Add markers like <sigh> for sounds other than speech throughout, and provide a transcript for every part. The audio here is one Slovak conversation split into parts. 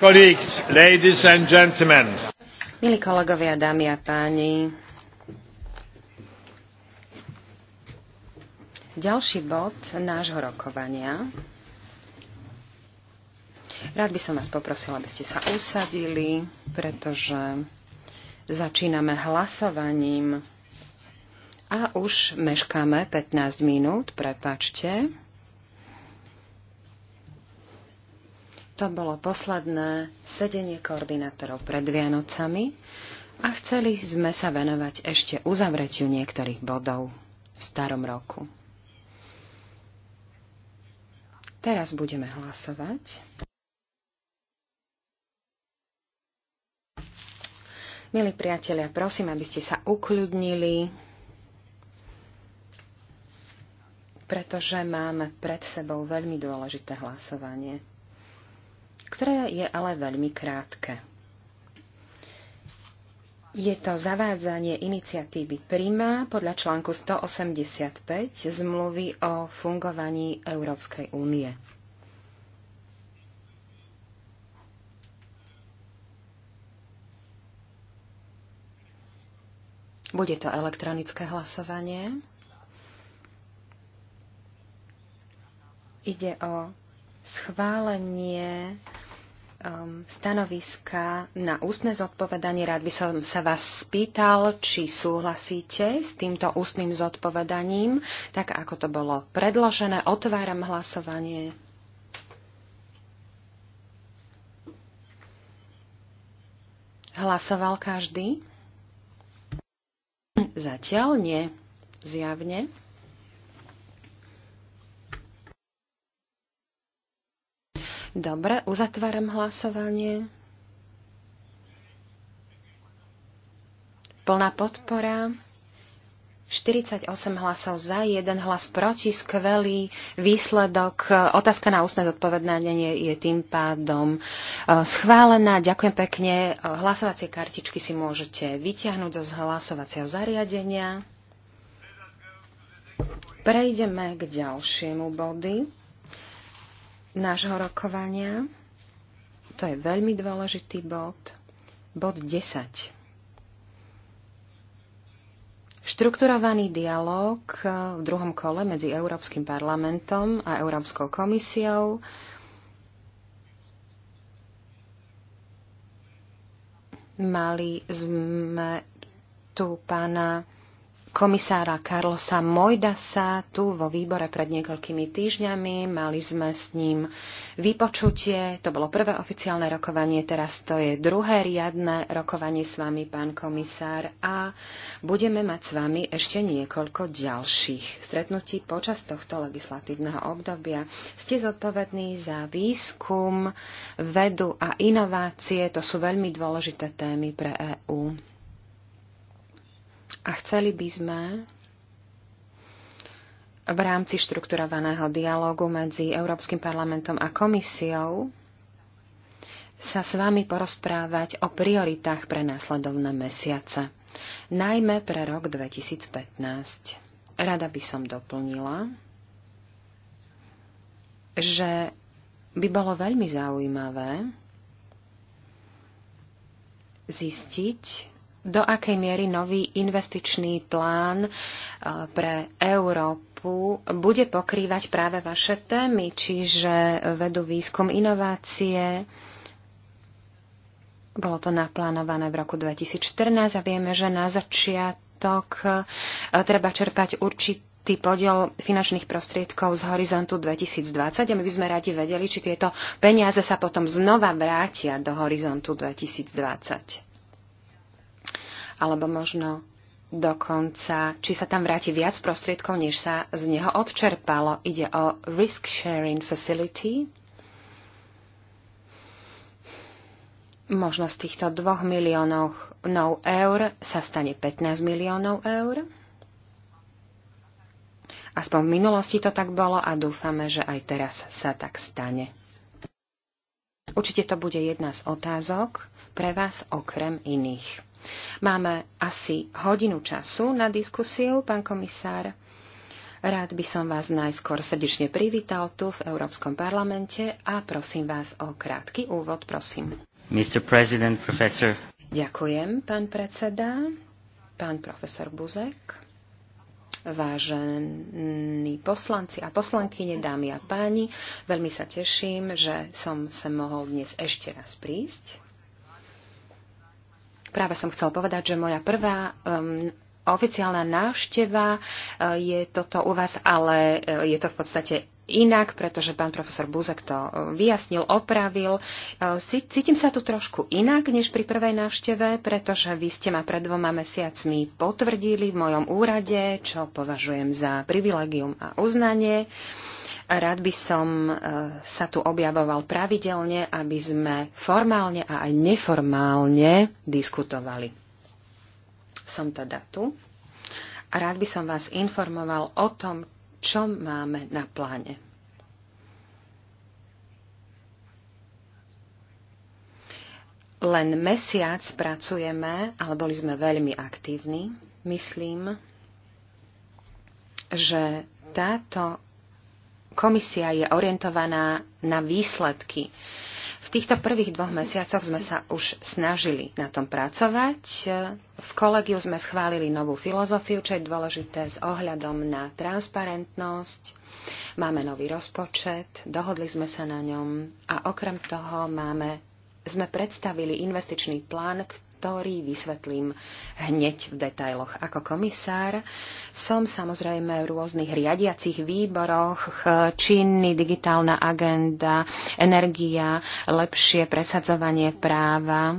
colleagues, ladies and gentlemen. Milí kolegovia, dámy a páni, ďalší bod nášho rokovania. Rád by som vás poprosila, aby ste sa usadili, pretože začíname hlasovaním a už meškáme 15 minút, prepačte. To bolo posledné sedenie koordinátorov pred Vianocami a chceli sme sa venovať ešte uzavretiu niektorých bodov v starom roku. Teraz budeme hlasovať. Milí priatelia, prosím, aby ste sa ukľudnili, pretože máme pred sebou veľmi dôležité hlasovanie ktoré je ale veľmi krátke. Je to zavádzanie iniciatívy Prima podľa článku 185 zmluvy o fungovaní Európskej únie. Bude to elektronické hlasovanie. Ide o schválenie um, stanoviska na ústne zodpovedanie. Rád by som sa vás spýtal, či súhlasíte s týmto ústnym zodpovedaním, tak ako to bolo predložené. Otváram hlasovanie. Hlasoval každý? Zatiaľ nie, zjavne. Dobre, uzatváram hlasovanie. Plná podpora. 48 hlasov za, 1 hlas proti, skvelý výsledok. Otázka na ústne zodpovedanie je tým pádom e, schválená. Ďakujem pekne. Hlasovacie kartičky si môžete vyťahnuť zo hlasovacieho zariadenia. Prejdeme k ďalšiemu body nášho rokovania. To je veľmi dôležitý bod. Bod 10. Štrukturovaný dialog v druhom kole medzi Európskym parlamentom a Európskou komisiou. Mali sme tu pána komisára Carlosa Mojdasa tu vo výbore pred niekoľkými týždňami. Mali sme s ním vypočutie, to bolo prvé oficiálne rokovanie, teraz to je druhé riadne rokovanie s vami, pán komisár, a budeme mať s vami ešte niekoľko ďalších stretnutí počas tohto legislatívneho obdobia. Ste zodpovední za výskum, vedu a inovácie, to sú veľmi dôležité témy pre EÚ. A chceli by sme v rámci štrukturovaného dialogu medzi Európskym parlamentom a komisiou sa s vami porozprávať o prioritách pre následovné mesiace, najmä pre rok 2015. Rada by som doplnila, že by bolo veľmi zaujímavé zistiť, do akej miery nový investičný plán e, pre Európu bude pokrývať práve vaše témy, čiže vedú výskum inovácie. Bolo to naplánované v roku 2014 a vieme, že na začiatok e, treba čerpať určitý tý podiel finančných prostriedkov z horizontu 2020 a my by sme radi vedeli, či tieto peniaze sa potom znova vrátia do horizontu 2020 alebo možno dokonca, či sa tam vráti viac prostriedkov, než sa z neho odčerpalo. Ide o Risk Sharing Facility. Možno z týchto 2 miliónov eur sa stane 15 miliónov eur. Aspoň v minulosti to tak bolo a dúfame, že aj teraz sa tak stane. Určite to bude jedna z otázok pre vás okrem iných. Máme asi hodinu času na diskusiu, pán komisár. Rád by som vás najskôr srdečne privítal tu v Európskom parlamente a prosím vás o krátky úvod, prosím. Mr. President, professor. Ďakujem, pán predseda, pán profesor Buzek, vážení poslanci a poslankyne, dámy a páni. Veľmi sa teším, že som sa mohol dnes ešte raz prísť Práve som chcel povedať, že moja prvá um, oficiálna návšteva uh, je toto u vás, ale uh, je to v podstate inak, pretože pán profesor Buzek to uh, vyjasnil, opravil. Cítim sa tu trošku inak než pri prvej návšteve, pretože vy ste ma pred dvoma mesiacmi potvrdili v mojom úrade, čo považujem za privilegium a uznanie. Rád by som e, sa tu objavoval pravidelne, aby sme formálne a aj neformálne diskutovali. Som teda tu. A rád by som vás informoval o tom, čo máme na pláne. Len mesiac pracujeme, ale boli sme veľmi aktívni. Myslím, že táto komisia je orientovaná na výsledky. V týchto prvých dvoch mesiacoch sme sa už snažili na tom pracovať. V kolegiu sme schválili novú filozofiu, čo je dôležité s ohľadom na transparentnosť. Máme nový rozpočet, dohodli sme sa na ňom a okrem toho máme, sme predstavili investičný plán, ktorý vysvetlím hneď v detailoch. Ako komisár som samozrejme v rôznych riadiacich výboroch, činný, digitálna agenda, energia, lepšie presadzovanie práva.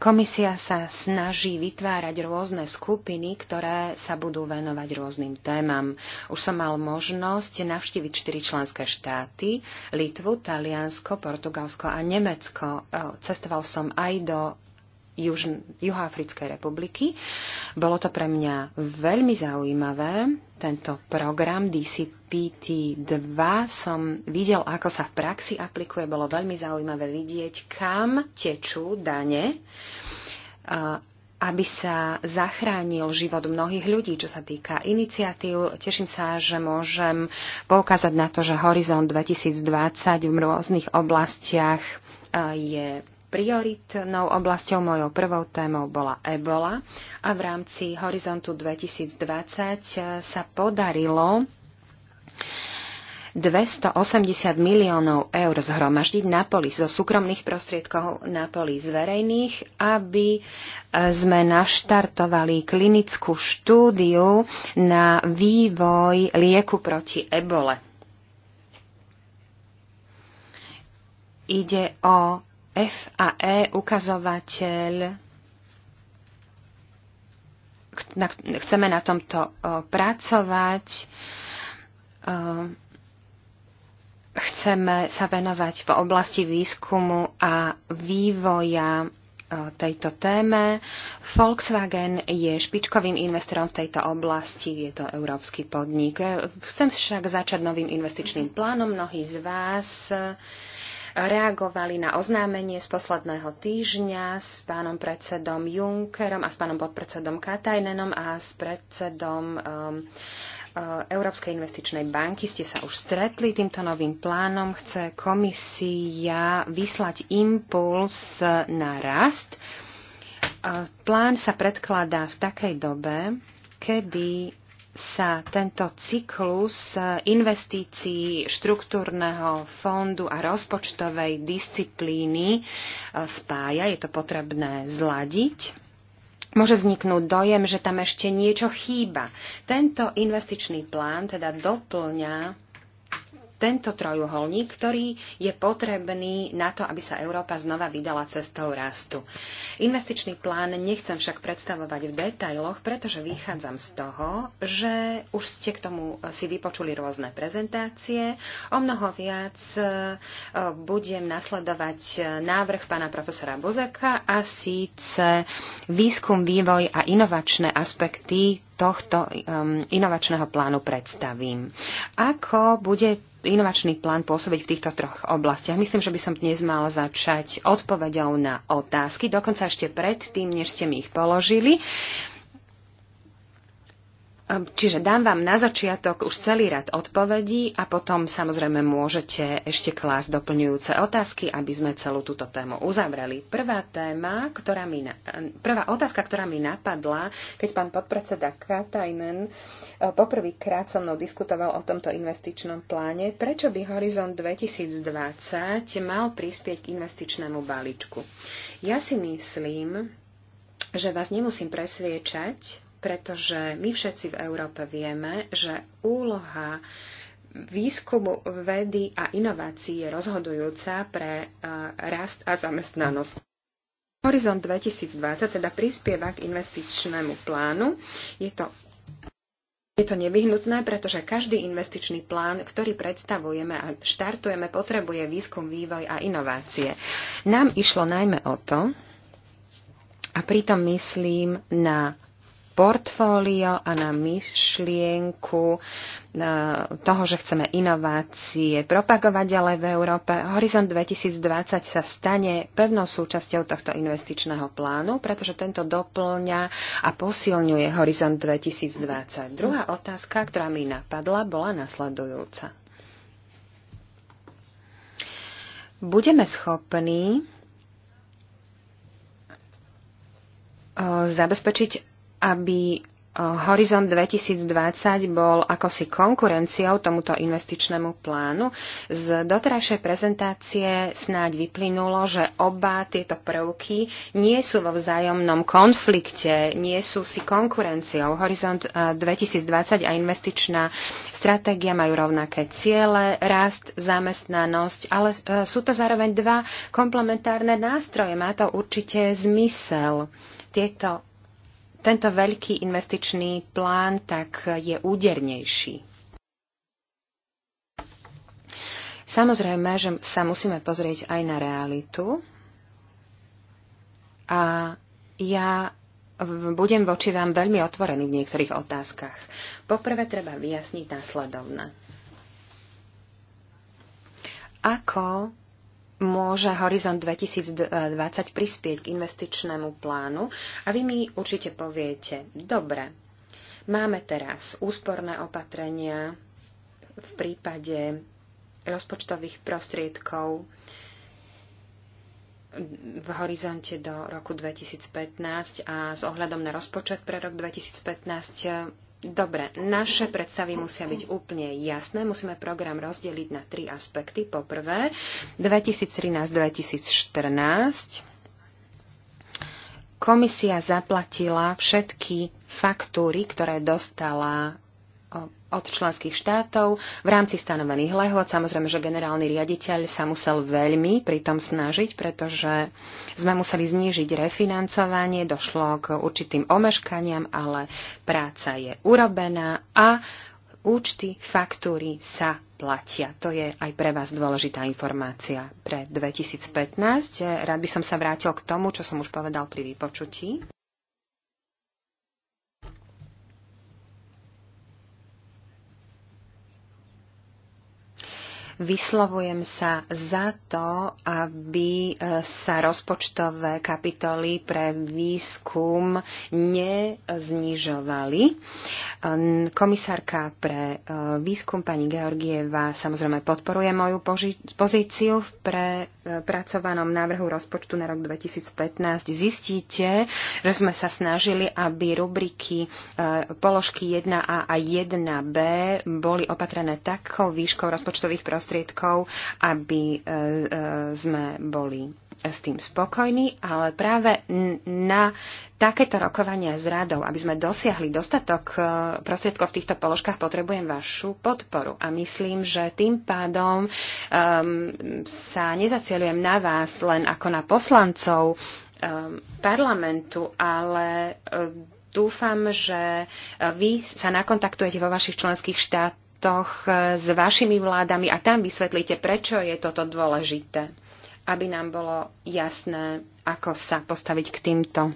Komisia sa snaží vytvárať rôzne skupiny, ktoré sa budú venovať rôznym témam. Už som mal možnosť navštíviť štyri členské štáty, Litvu, Taliansko, Portugalsko a Nemecko. E, cestoval som aj do Juž, Juhoafrickej republiky. Bolo to pre mňa veľmi zaujímavé. Tento program DCPT2 som videl, ako sa v praxi aplikuje. Bolo veľmi zaujímavé vidieť, kam tečú dane, aby sa zachránil život mnohých ľudí, čo sa týka iniciatív. Teším sa, že môžem poukázať na to, že Horizont 2020 v rôznych oblastiach je prioritnou oblasťou, mojou prvou témou bola ebola a v rámci Horizontu 2020 sa podarilo 280 miliónov eur zhromaždiť na poli zo súkromných prostriedkov na poli z verejných, aby e, sme naštartovali klinickú štúdiu na vývoj lieku proti ebole. Ide o F a E ukazovateľ chceme na tomto pracovať, chceme sa venovať v oblasti výskumu a vývoja tejto téme. Volkswagen je špičkovým investorom v tejto oblasti, je to európsky podnik. Chcem však začať novým investičným plánom. Mnohí z vás uh, reagovali na oznámenie z posledného týždňa s pánom predsedom Junckerom a s pánom podpredsedom Katajnenom a s predsedom um, uh, Európskej investičnej banky ste sa už stretli týmto novým plánom. Chce komisia vyslať impuls na rast. Uh, plán sa predkladá v takej dobe, kedy sa tento cyklus e, investícií štruktúrneho fondu a rozpočtovej disciplíny e, spája. Je to potrebné zladiť môže vzniknúť dojem, že tam ešte niečo chýba. Tento investičný plán teda doplňa tento trojuholník, ktorý je potrebný na to, aby sa Európa znova vydala cestou rastu. Investičný plán nechcem však predstavovať v detailoch, pretože vychádzam z toho, že už ste k tomu si vypočuli rôzne prezentácie. O mnoho viac e, budem nasledovať návrh pána profesora Buzeka a síce výskum, vývoj a inovačné aspekty tohto um, inovačného plánu predstavím. Ako bude inovačný plán pôsobiť v týchto troch oblastiach. Myslím, že by som dnes mala začať odpovedou na otázky, dokonca ešte predtým, než ste mi ich položili. Uh, Ehm, čiže dám vám na začiatok už celý rad odpovedí a potom samozrejme môžete ešte klásť doplňujúce otázky, aby sme celú túto tému uzavreli. Prvá téma, ktorá mi, ehm, prvá otázka, ktorá mi napadla, keď pán podpredseda Katajnen ehm, poprvýkrát so mnou diskutoval o tomto investičnom pláne, prečo by Horizont 2020 mal prispieť k investičnému balíčku. Ja si myslím, že vás nemusím presviečať, pretože my všetci v Európe vieme, že úloha výskumu vedy a inovácií je rozhodujúca pre e, rast a zamestnanosť. Horizont 2020 teda prispieva k investičnému plánu. Je to je to nevyhnutné, pretože každý investičný plán, ktorý predstavujeme a štartujeme, potrebuje výskum, vývoj a inovácie. Nám išlo najmä o to, a pritom myslím na portfólio a na myšlienku toho, že chceme inovácie propagovať ďalej v Európe. Horizont 2020 sa stane pevnou súčasťou tohto investičného plánu, pretože tento doplňa a posilňuje Horizont 2020. Druhá otázka, ktorá mi napadla, bola nasledujúca. Budeme schopní e, zabezpečiť aby e, Horizont 2020 bol akosi konkurenciou tomuto investičnému plánu. Z doterajšej prezentácie snáď vyplynulo, že oba tieto prvky nie sú vo vzájomnom konflikte, nie sú si konkurenciou. Horizont 2020 e, a investičná stratégia majú rovnaké ciele, rast, zamestnanosť, ale e, sú to zároveň dva komplementárne nástroje. Má to určite zmysel. Tieto tento veľký investičný plán tak je údernejší. Samozrejme, že sa musíme pozrieť aj na realitu. A ja budem voči vám veľmi otvorený v niektorých otázkach. Poprvé treba vyjasniť následovné. Ako môže Horizont 2020 prispieť k investičnému plánu a vy mi určite poviete, dobre, máme teraz úsporné opatrenia v prípade rozpočtových prostriedkov v horizonte do roku 2015 a s ohľadom na rozpočet pre rok 2015 Dobre, naše predstavy musia byť úplne jasné. Musíme program rozdeliť na tri aspekty. Po prvé, 2013-2014 komisia zaplatila všetky faktúry, ktoré dostala od členských štátov v rámci stanovených lehod. Samozrejme, že generálny riaditeľ sa musel veľmi pritom snažiť, pretože sme museli znížiť refinancovanie, došlo k určitým omeškaniam, ale práca je urobená a účty, faktúry sa platia. To je aj pre vás dôležitá informácia pre 2015. Rád by som sa vrátil k tomu, čo som už povedal pri vypočutí. Vyslovujem sa za to, aby e, sa rozpočtové kapitoly pre výskum neznižovali. Komisárka pre e, výskum pani Georgieva samozrejme podporuje moju pozíciu v prepracovanom e, návrhu rozpočtu na rok 2015. Zistíte, že sme sa snažili, aby rubriky položky 1a a 1b boli opatrené takou výškou rozpočtových prostriedkov, prostriedkov, aby e, e, sme boli s tým spokojní, ale práve na takéto rokovania s radou, aby sme dosiahli dostatok e, prostriedkov v týchto položkách, potrebujem vašu podporu. A myslím, že tým pádom um, sa nezacielujem na vás len ako na poslancov um, parlamentu, ale um, dúfam, že vy sa nakontaktujete vo vašich členských štát, kontaktoch e, s vašimi vládami a tam vysvetlíte, prečo je toto dôležité, aby nám bolo jasné, ako sa postaviť k týmto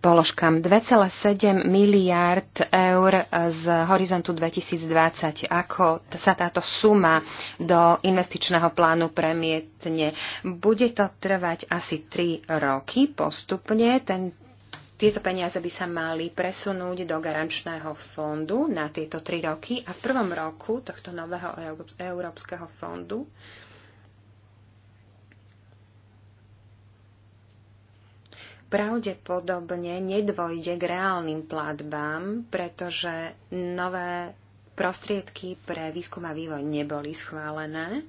položkám. 2,7 miliard eur e, z horizontu 2020. Ako sa táto suma do investičného plánu premietne? Bude to trvať asi 3 roky postupne. Ten tieto peniaze by sa mali presunúť do garančného fondu na tieto tri roky a v prvom roku tohto nového Európskeho fondu pravdepodobne nedvojde k reálnym platbám, pretože nové prostriedky pre výskum a vývoj neboli schválené.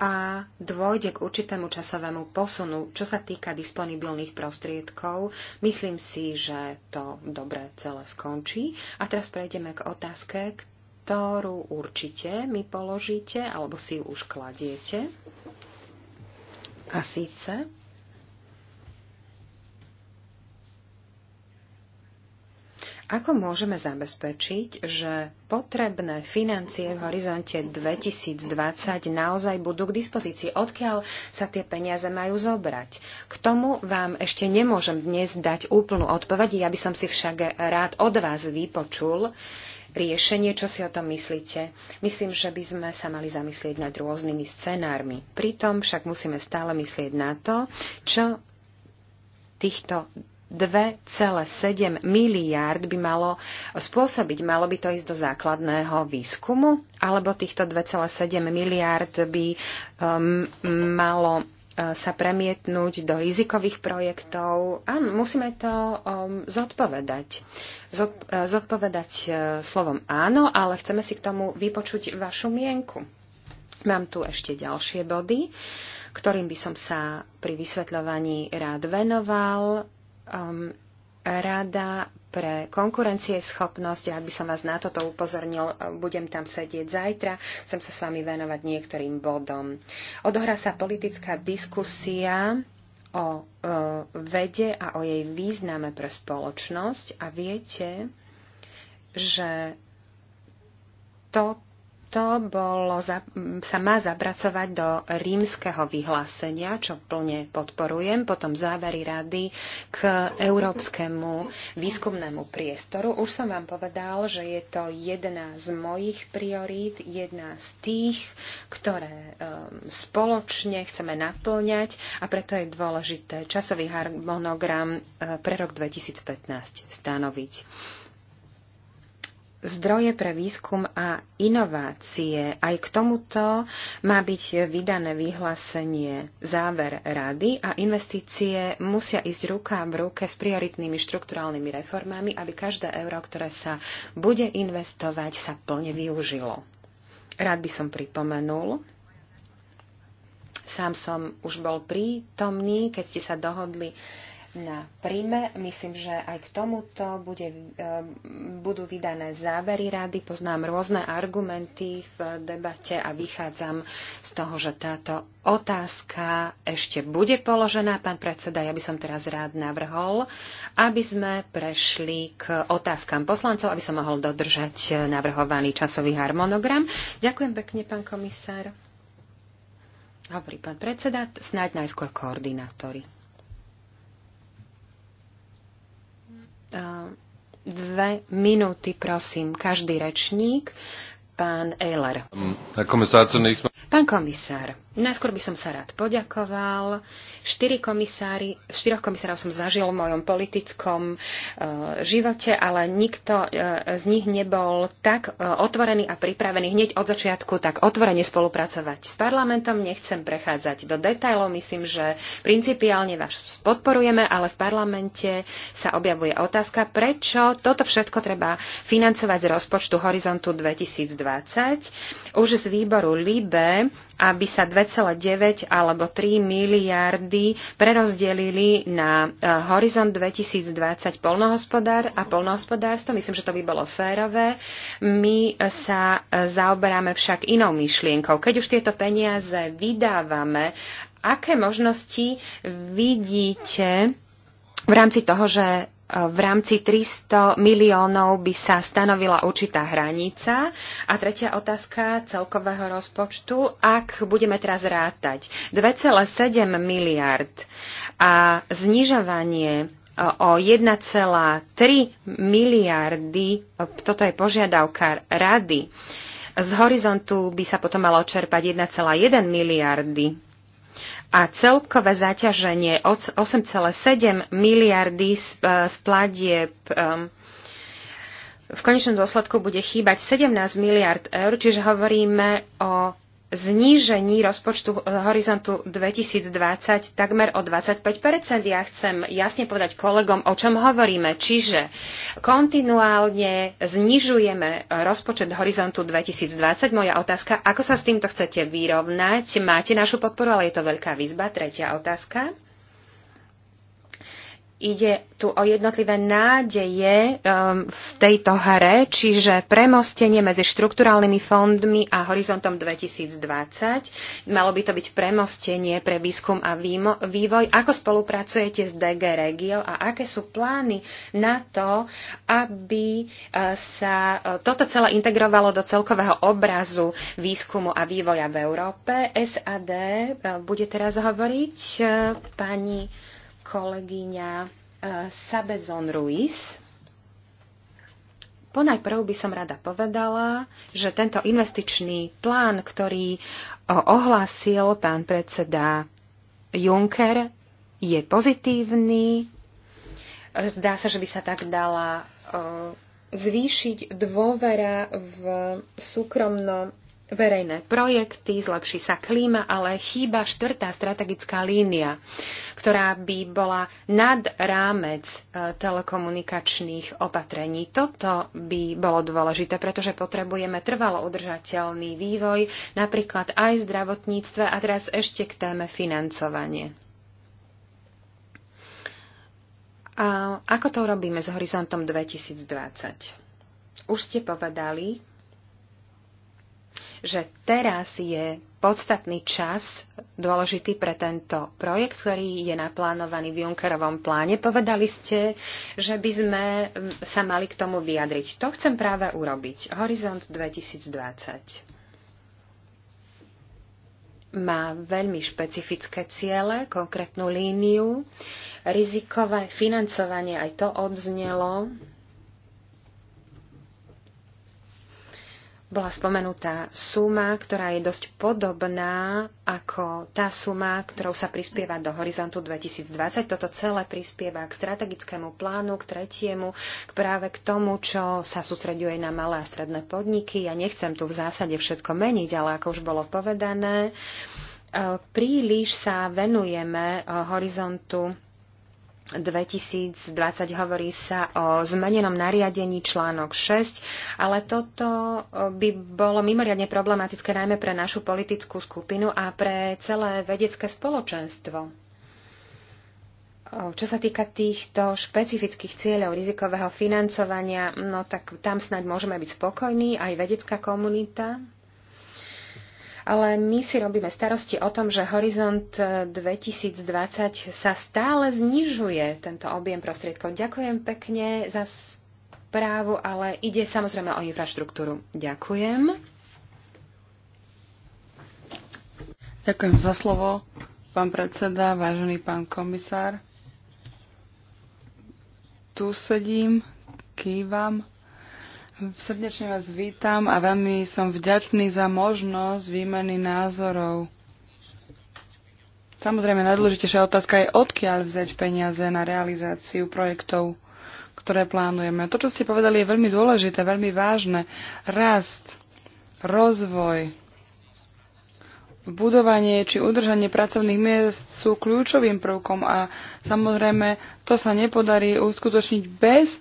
a dôjde k určitému časovému posunu, čo sa týka disponibilných prostriedkov. Myslím si, že to dobre celé skončí. A teraz prejdeme k otázke, ktorú určite mi položíte, alebo si ju už kladiete. A síce, Ako môžeme zabezpečiť, že potrebné financie v horizonte 2020 naozaj budú k dispozícii? Odkiaľ sa tie peniaze majú zobrať? K tomu vám ešte nemôžem dnes dať úplnú odpoveď, ja by som si však rád od vás vypočul riešenie, čo si o tom myslíte. Myslím, že by sme sa mali zamyslieť nad rôznymi scenármi. Pritom však musíme stále myslieť na to, čo týchto 2,7 miliárd by malo spôsobiť? Malo by to ísť do základného výskumu? Alebo týchto 2,7 miliárd by um, malo uh, sa premietnúť do rizikových projektov. Áno, musíme to um, zodpovedať. Zod, uh, zodpovedať uh, slovom áno, ale chceme si k tomu vypočuť vašu mienku. Mám tu ešte ďalšie body, ktorým by som sa pri vysvetľovaní rád venoval um, Rada pre konkurencieschopnosť, ak by som vás na toto upozornil, e, budem tam sedieť zajtra, chcem sa s vami venovať niektorým bodom. Odohrá sa politická diskusia o e, vede a o jej význame pre spoločnosť a viete, že toto to bolo, za, sa má zapracovať do rímskeho vyhlásenia, čo plne podporujem, potom závery rady k európskemu výskumnému priestoru. Už som vám povedal, že je to jedna z mojich priorít, jedna z tých, ktoré um, spoločne chceme naplňať a preto je dôležité časový harmonogram e, pre rok 2015 stanoviť zdroje pre výskum a inovácie. Aj k tomuto má byť vydané vyhlásenie záver rady a investície musia ísť ruka v ruke s prioritnými štrukturálnymi reformami, aby každé euro, ktoré sa bude investovať, sa plne využilo. Rád by som pripomenul, sám som už bol prítomný, keď ste sa dohodli na príjme. Myslím, že aj k tomuto bude, e, budú vydané závery rady. Poznám rôzne argumenty v debate a vychádzam z toho, že táto otázka ešte bude položená. Pán predseda, ja by som teraz rád navrhol, aby sme prešli k otázkam poslancov, aby som mohol dodržať navrhovaný časový harmonogram. Ďakujem pekne, pán komisár. Hovorí pán predseda, snáď najskôr koordinátori. Ehm, dve minúty, prosím, každý rečník. Pán Eiler. Pán komisár, Najskôr by som sa rád poďakoval. Štyri komisári, štyroch komisárov som zažil v mojom politickom e, živote, ale nikto e, z nich nebol tak e, otvorený a pripravený hneď od začiatku tak otvorene spolupracovať s parlamentom. Nechcem prechádzať do detajlov, myslím, že principiálne vás podporujeme, ale v parlamente sa objavuje otázka, prečo toto všetko treba financovať z rozpočtu Horizontu 2020. Už z výboru LIBE, aby sa 2,9 alebo 3 miliardy prerozdelili na e, Horizont 2020 polnohospodár a polnohospodárstvo. Myslím, že to by bolo férové. My sa e, zaoberáme však inou myšlienkou. Keď už tieto peniaze vydávame, aké možnosti vidíte v rámci toho, že v rámci 300 miliónov by sa stanovila určitá hranica. A tretia otázka celkového rozpočtu, ak budeme teraz rátať 2,7 miliard a znižovanie e, o 1,3 miliardy, e, toto je požiadavka rady, z horizontu by sa potom malo čerpať 1,1 miliardy a celkové zaťaženie 8,7 miliardy z e, platieb v konečnom dôsledku bude chýbať 17 miliard eur, čiže hovoríme o znížení rozpočtu eh, horizontu 2020 takmer o 25 Ja chcem jasne povedať kolegom, o čom hovoríme. Čiže kontinuálne znižujeme rozpočet horizontu 2020. Moja otázka, ako sa s týmto chcete vyrovnať? Máte našu podporu, ale je to veľká výzba. Tretia otázka. Ide tu o jednotlivé nádeje um, v tejto hre, čiže premostenie medzi štrukturálnymi fondmi a horizontom 2020. Malo by to byť premostenie pre výskum a vývoj. Ako spolupracujete s DG Regio a aké sú plány na to, aby uh, sa uh, toto celé integrovalo do celkového obrazu výskumu a vývoja v Európe? SAD uh, bude teraz hovoriť pani kolegyňa eh, Sabezon Ruiz. Ponajprv by som rada povedala, že tento investičný plán, ktorý eh, ohlásil pán predseda Juncker, je pozitívny. Zdá sa, že by sa tak dala eh, zvýšiť dôvera v súkromno verejné projekty, zlepší sa klíma, ale chýba štvrtá strategická línia, ktorá by bola nad rámec e, telekomunikačných opatrení. Toto by bolo dôležité, pretože potrebujeme trvalo udržateľný vývoj, napríklad aj v zdravotníctve a teraz ešte k téme financovanie. A ako to robíme s horizontom 2020? Už ste povedali, že teraz je podstatný čas dôležitý pre tento projekt, ktorý je naplánovaný v Junckerovom pláne. Povedali ste, že by sme sa mali k tomu vyjadriť. To chcem práve urobiť. Horizont 2020 má veľmi špecifické ciele, konkrétnu líniu, rizikové financovanie, aj to odznelo bola spomenutá suma, ktorá je dosť podobná ako tá suma, ktorou sa prispieva do horizontu 2020. Toto celé prispieva k strategickému plánu, k tretiemu, k práve k tomu, čo sa sústreďuje na malé a stredné podniky. Ja nechcem tu v zásade všetko meniť, ale ako už bolo povedané, e, príliš sa venujeme e, horizontu 2020 hovorí sa o zmenenom nariadení článok 6, ale toto by bolo mimoriadne problematické najmä pre našu politickú skupinu a pre celé vedecké spoločenstvo. Čo sa týka týchto špecifických cieľov rizikového financovania, no tak tam snáď môžeme byť spokojní, aj vedecká komunita, ale my si robíme starosti o tom, že Horizont 2020 eh, sa stále znižuje tento objem prostriedkov. Ďakujem pekne za správu, ale ide samozrejme o infraštruktúru. Ďakujem. Ďakujem za slovo, pán predseda, vážený pán komisár. Tu sedím, kývam. Srdečne vás vítam a veľmi som vďačný za možnosť výmeny názorov. Samozrejme, najdôležitejšia otázka je, odkiaľ vzať peniaze na realizáciu projektov, ktoré plánujeme. To, čo ste povedali, je veľmi dôležité, veľmi vážne. Rast, rozvoj, budovanie či udržanie pracovných miest sú kľúčovým prvkom a samozrejme to sa nepodarí uskutočniť bez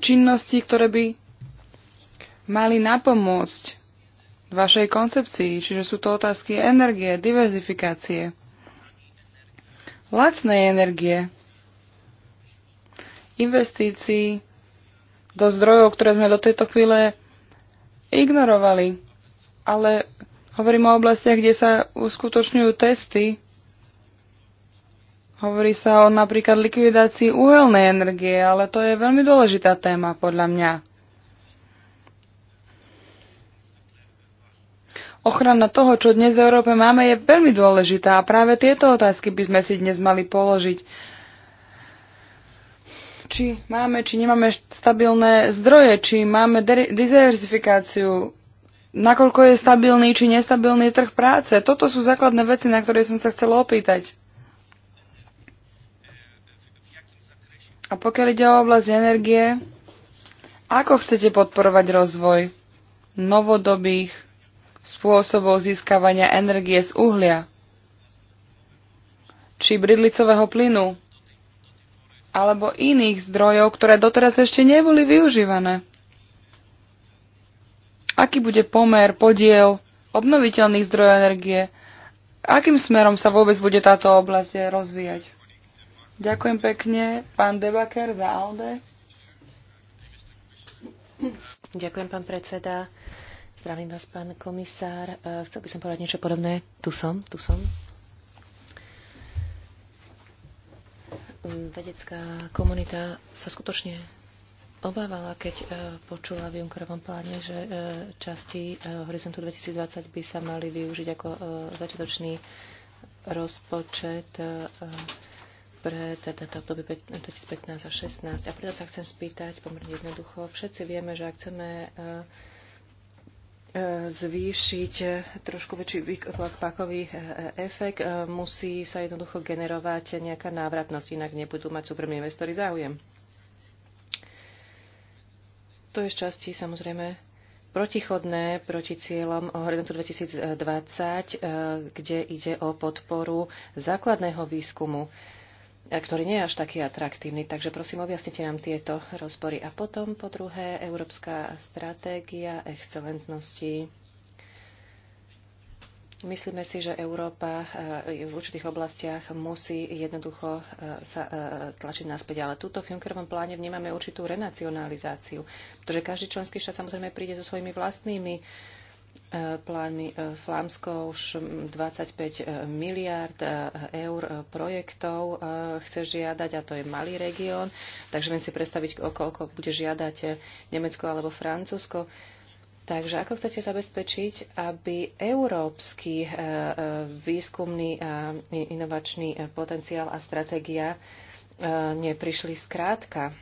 činností, ktoré by mali napomôcť vašej koncepcii, čiže sú to otázky energie, diverzifikácie, lacnej energie, investícií do zdrojov, ktoré sme do tejto chvíle ignorovali. Ale hovorím o oblastiach, kde sa uskutočňujú testy. Hovorí sa o napríklad likvidácii uhelnej energie, ale to je veľmi dôležitá téma podľa mňa. ochrana toho, čo dnes v Európe máme, je veľmi dôležitá a práve tieto otázky by sme si dnes mali položiť či máme, či nemáme stabilné zdroje, či máme diverzifikáciu, nakoľko je stabilný či nestabilný trh práce. Toto sú základné veci, na ktoré som sa chcela opýtať. A pokiaľ ide o oblasť energie, ako chcete podporovať rozvoj novodobých spôsobov získavania energie z uhlia či bridlicového plynu alebo iných zdrojov, ktoré doteraz ešte neboli využívané. Aký bude pomer, podiel obnoviteľných zdrojov energie? Akým smerom sa vôbec bude táto oblasť rozvíjať? Ďakujem pekne, pán Debaker za ALDE. Ďakujem, pán predseda. Zdravím vás, pán komisár. E, chcel by som povedať niečo podobné. Tu som, tu som. Mm, vedecká komunita sa skutočne obávala, keď e, počula v Junkerovom pláne, že e, časti Horizontu 2020 by sa mali využiť ako začiatočný rozpočet pre to obdobie 2015 a 2016. A preto sa chcem spýtať pomerne jednoducho. Všetci vieme, že ak chceme zvýšiť trošku väčší pákový e, efekt, e, musí sa jednoducho generovať nejaká návratnosť, inak nebudú mať súkromní investori záujem. To je z časti samozrejme protichodné proti cieľom Horizontu 2020, e, kde ide o podporu základného výskumu ktorý nie je až taký atraktívny. Takže prosím, objasnite nám tieto rozbory. A potom, po druhé, Európska stratégia excelentnosti. Myslíme si, že Európa eh, v určitých oblastiach musí jednoducho eh, sa eh, tlačiť naspäť, ale túto v Junckerovom pláne vnímame určitú renacionalizáciu, pretože každý členský štát samozrejme príde so svojimi vlastnými plány e, Flámsko už 25 e, miliard e, eur projektov chce žiadať a to je malý región, takže viem si predstaviť, o koľko bude žiadať Nemecko alebo Francúzsko. Takže ako chcete zabezpečiť, aby európsky výskumný a inovačný potenciál a stratégia neprišli skrátka?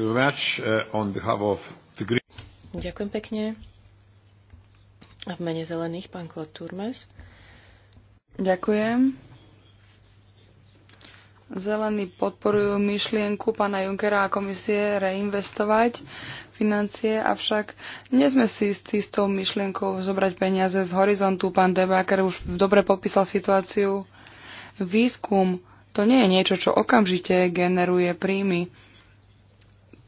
Uh, Ďakujem pekne. A v mene zelených pán Claude Turmes. Ďakujem. Zelení podporujú myšlienku pána Junkera a komisie reinvestovať financie, avšak nie sme si s tou myšlienkou zobrať peniaze z horizontu. Pán Debaker už dobre popísal situáciu. Výskum to nie je niečo, čo okamžite generuje príjmy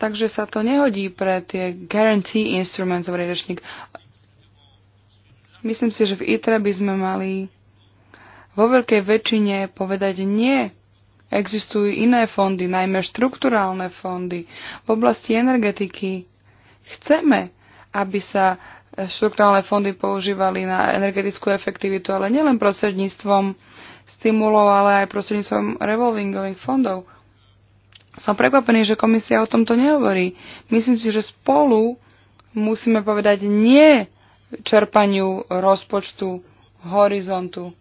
takže sa to nehodí pre tie guarantee instruments, hovorí rečník. Myslím si, že v ITRE by sme mali vo veľkej väčšine povedať nie. Existujú iné fondy, najmä štrukturálne fondy. V oblasti energetiky chceme, aby sa štrukturálne fondy používali na energetickú efektivitu, ale nielen prostredníctvom stimulov, ale aj prostredníctvom revolvingových fondov som prekvapený, že komisia o tomto nehovorí. Myslím si, že spolu musíme povedať nie čerpaniu rozpočtu horizontu.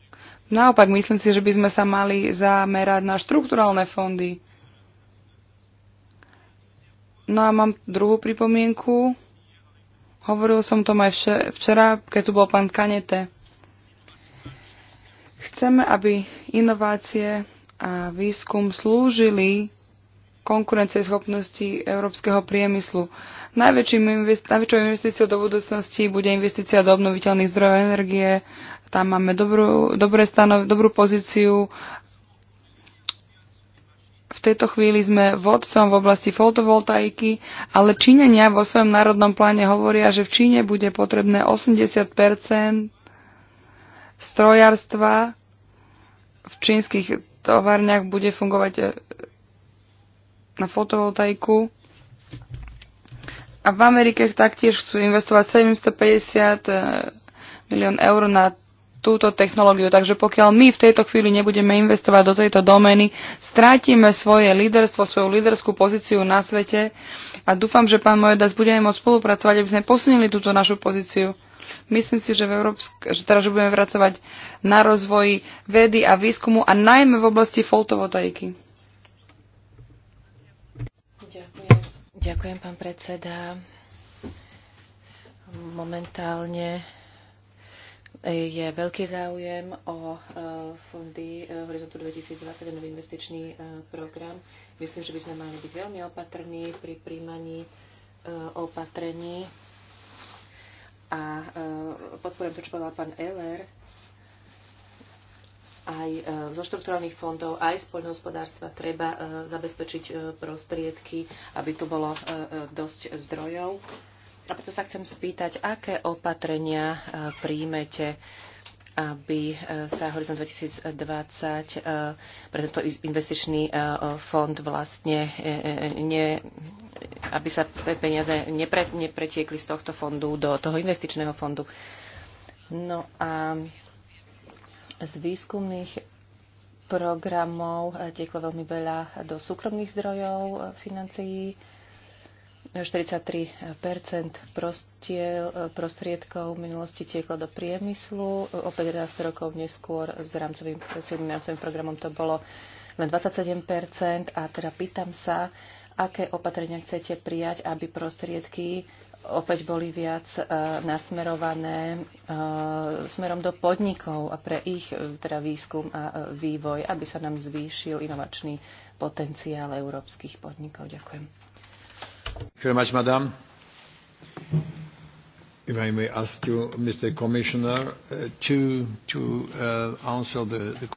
Naopak, myslím si, že by sme sa mali zamerať na štrukturálne fondy. No a mám druhú pripomienku. Hovoril som tom aj včera, keď tu bol pán Kanete. Chceme, aby inovácie a výskum slúžili konkurencieschopnosti európskeho priemyslu. najväčšou investíciou do budúcnosti bude investícia do obnoviteľných zdrojov energie. Tam máme dobrú, dobré stanov, dobrú pozíciu. V tejto chvíli sme vodcom v oblasti fotovoltaiky, ale Číňania vo svojom národnom pláne hovoria, že v Číne bude potrebné 80 strojárstva v čínskych továrniach bude fungovať na fotovoltaiku. A v Amerike taktiež chcú investovať 750 e, milión eur na túto technológiu. Takže pokiaľ my v tejto chvíli nebudeme investovať do tejto domény, strátime svoje líderstvo, svoju líderskú pozíciu na svete a dúfam, že pán Mojedas bude aj môcť spolupracovať, aby sme posunili túto našu pozíciu. Myslím si, že, v Európsk- že teraz že budeme pracovať na rozvoji vedy a výskumu a najmä v oblasti fotovoltaiky. Ďakujem, pán predseda. Momentálne eh, je veľký záujem o eh, fondy eh, Horizontu 2027 nový investičný program. Myslím, že by sme mali byť veľmi opatrní pri príjmaní opatrení. A podporujem to, čo povedal pán Eller, aj e, zo štrukturálnych fondov, aj z poľnohospodárstva treba e, zabezpečiť e, prostriedky, aby tu bolo dosť zdrojov. A preto sa chcem spýtať, aké opatrenia príjmete, aby sa Horizon 2020 pre tento investičný fond vlastne ne, aby sa peniaze nepre, nepretiekli z tohto fondu do toho investičného fondu. No a z výskumných programov tieklo veľmi veľa do súkromných zdrojov financií. 43 prostiel, prostriedkov v minulosti tieklo do priemyslu. O 15 rokov neskôr s rámcovým, s rámcovým programom to bolo len 27 a teda pýtam sa, aké opatrenia chcete prijať, aby prostriedky opäť boli viac e, nasmerované e, smerom do podnikov a pre ich e, teda výskum a vývoj, aby sa nám zvýšil inovačný potenciál európskych podnikov. Ďakujem. Ďakujem, If I may ask you, Mr. Commissioner, uh, to, to uh, answer the, the...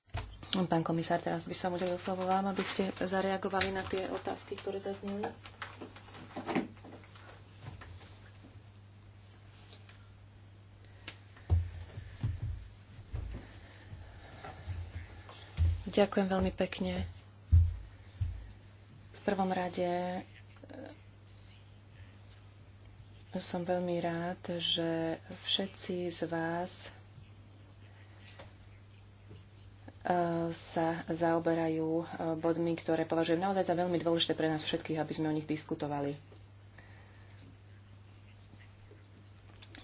Pán komisár, teraz by som udelil slovo vám, aby ste zareagovali na tie otázky, ktoré zazneli. Ďakujem veľmi pekne. V prvom rade e, som veľmi rád, že všetci z vás e, sa zaoberajú e, bodmi, ktoré považujem naozaj za veľmi dôležité pre nás všetkých, aby sme o nich diskutovali.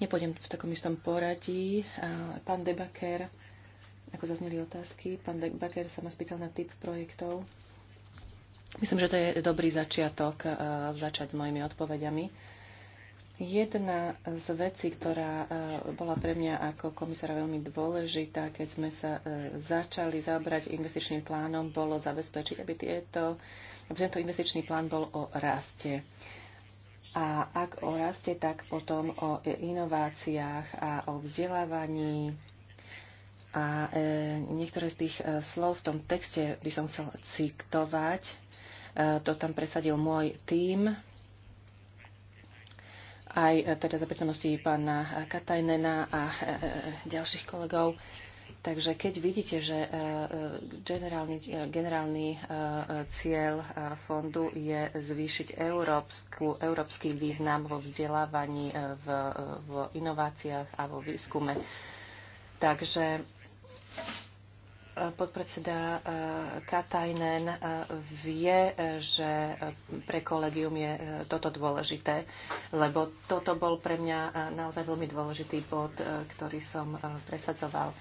Nepôjdem v takom istom poradí. Pán Debaker ako zazneli otázky. Pán Becker sa ma spýtal na typ projektov. Myslím, že to je dobrý začiatok e, začať s mojimi odpovediami. Jedna z vecí, ktorá e, bola pre mňa ako komisára veľmi dôležitá, keď sme sa e, začali zaobrať investičným plánom, bolo zabezpečiť, aby, tieto, aby tento investičný plán bol o raste. A ak o raste, tak potom o inováciách a o vzdelávaní a e, niektoré z tých e, slov v tom texte by som chcel citovať. E, to tam presadil môj tím, aj e, teda za prítomnosti pána Katajnena a e, e, ďalších kolegov. Takže keď vidíte, že e, e, generálny, e, generálny cieľ fondu je zvýšiť európsku, európsky význam vo vzdelávaní, v, v inováciách a vo výskume, takže E, podpredseda e, Katajnen e, vie, že pre kolegium je toto dôležité, lebo toto bol pre mňa naozaj veľmi dôležitý bod, ktorý som presadzoval.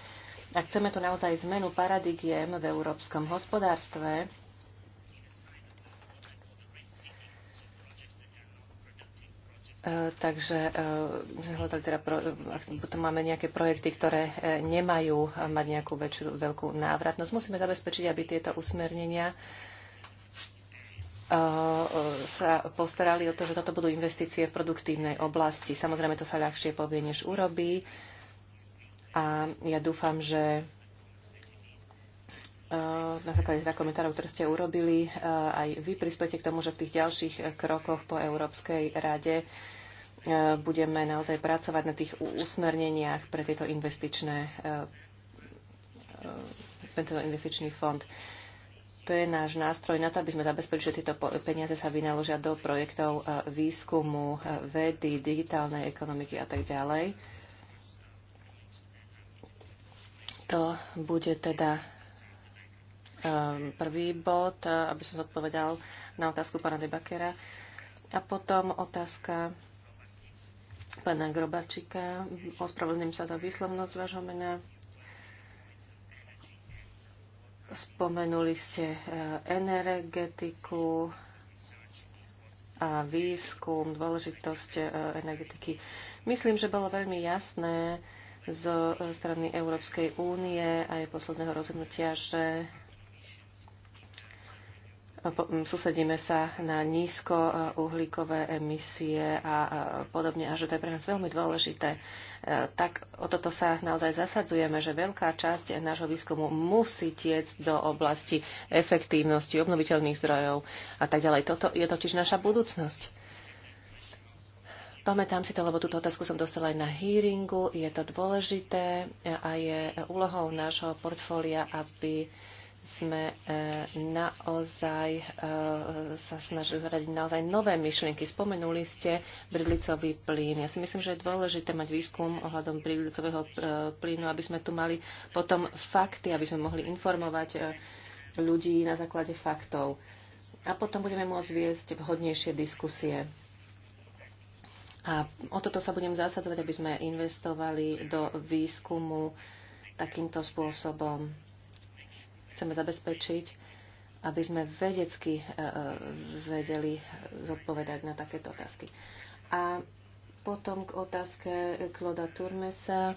Ak chceme tu naozaj zmenu paradigiem v európskom hospodárstve, E, takže e, sme hľadali teda, e, potom máme nejaké projekty, ktoré nemajú mať nejakú väčšiu, veľkú návratnosť. Musíme zabezpečiť, aby tieto usmernenia sa postarali o to, že toto budú investície v produktívnej oblasti. Samozrejme, to sa ľahšie povie, než urobí. A ja dúfam, že na základe teda komentárov, ktoré ste urobili, e, aj vy prispete k tomu, že v tých ďalších e, krokoch po Európskej rade e, budeme naozaj pracovať na tých usmerneniach pre tieto investičné, tento investičný fond. To je náš nástroj na to, aby sme zabezpečili, že tieto peniaze sa vynaložia do projektov výskumu, vedy, digitálnej ekonomiky a tak ďalej. To bude teda Ehm, prvý bod, eh, aby som zodpovedal na otázku pána Debakera. A potom otázka pána Grobačika. Ospravedlňujem sa za výslovnosť vášho mena. Spomenuli ste eh, energetiku a výskum, dôležitosť eh, energetiky. Myslím, že bolo veľmi jasné zo strany Európskej únie a aj posledného rozhodnutia, že susedíme sa na nízko uhlíkové emisie a podobne a že to je pre nás veľmi dôležité. E, tak o toto sa naozaj zasadzujeme, že veľká časť nášho výskumu musí tiecť do oblasti efektívnosti obnoviteľných zdrojov a tak ďalej. Toto je totiž naša budúcnosť. Pamätám si to, lebo túto otázku som dostala aj na hearingu. Je to dôležité a je úlohou nášho portfólia, aby sme e, naozaj e, sa snažili zaradiť naozaj nové myšlienky. Spomenuli ste bridlicový plyn. Ja si myslím, že je dôležité mať výskum ohľadom bridlicového e, plynu, aby sme tu mali potom fakty, aby sme mohli informovať ľudí na základe faktov. A potom budeme môcť viesť vhodnejšie diskusie. A o toto sa budem zasadzovať, aby sme investovali do výskumu takýmto spôsobom chceme zabezpečiť, aby sme vedecky e, e, vedeli zodpovedať na takéto otázky. A potom k otázke Kloda Turmesa.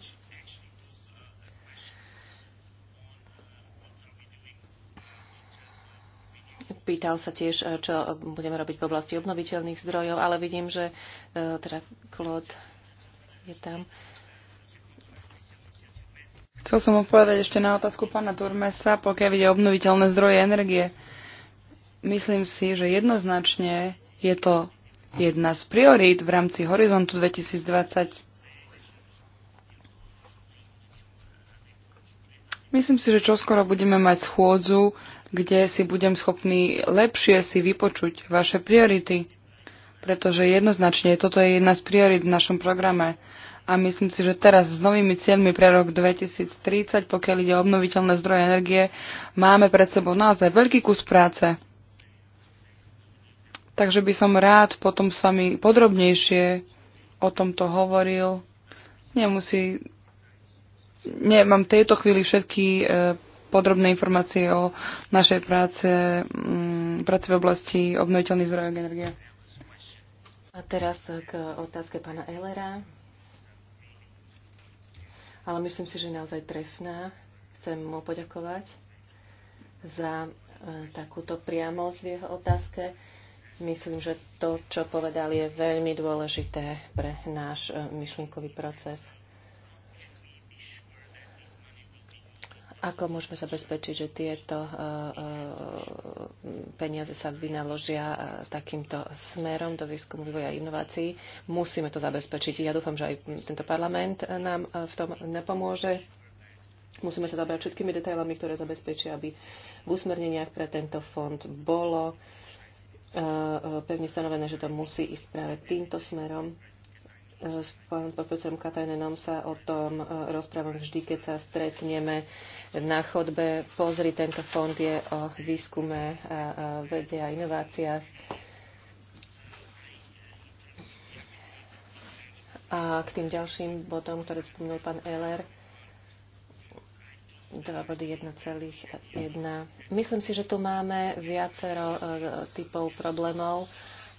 Pýtal sa tiež, e, čo budeme robiť v oblasti obnoviteľných zdrojov, ale vidím, že teda Klod je tam. Uh, Chcel som odpovedať ešte na otázku pána Turmesa, pokiaľ ide o obnoviteľné zdroje energie. Myslím si, že jednoznačne je to jedna z priorít v rámci Horizontu 2020. Myslím si, že čoskoro budeme mať schôdzu, kde si budem schopný lepšie si vypočuť vaše priority, pretože jednoznačne toto je jedna z priorit v našom programe a myslím si, že teraz s novými cieľmi pre rok 2030, pokiaľ ide o obnoviteľné zdroje energie, máme pred sebou naozaj veľký kus práce. Takže by som rád potom s vami podrobnejšie o tomto hovoril. Nemusí, nemám v tejto chvíli všetky e, podrobné informácie o našej práce, m, mm, práce v oblasti obnoviteľných zdrojov energie. A teraz k otázke pána Elera ale myslím si, že je naozaj trefná. Chcem mu poďakovať za e, takúto priamosť v jeho otázke. Myslím, že to, čo povedal, je veľmi dôležité pre náš e, myšlienkový proces. Ako môžeme zabezpečiť, že tieto eh, eh, peniaze sa vynaložia eh, takýmto smerom do výskumu, vývoja a inovácií? Musíme to zabezpečiť. Ja dúfam, že aj tento parlament nám v tom nepomôže. Musíme sa zabrať všetkými detailami, ktoré zabezpečia, aby v usmerneniach pre tento fond bolo pevne stanovené, že to musí ísť práve týmto smerom s pánom profesorom Katajnenom sa o tom e, rozprávam vždy, keď sa stretneme na chodbe. Pozri, tento fond je o výskume a vede a inováciách. A k tým ďalším bodom, ktoré spomínal pán Eller, 2 body 1,1. Myslím si, že tu máme viacero e, typov problémov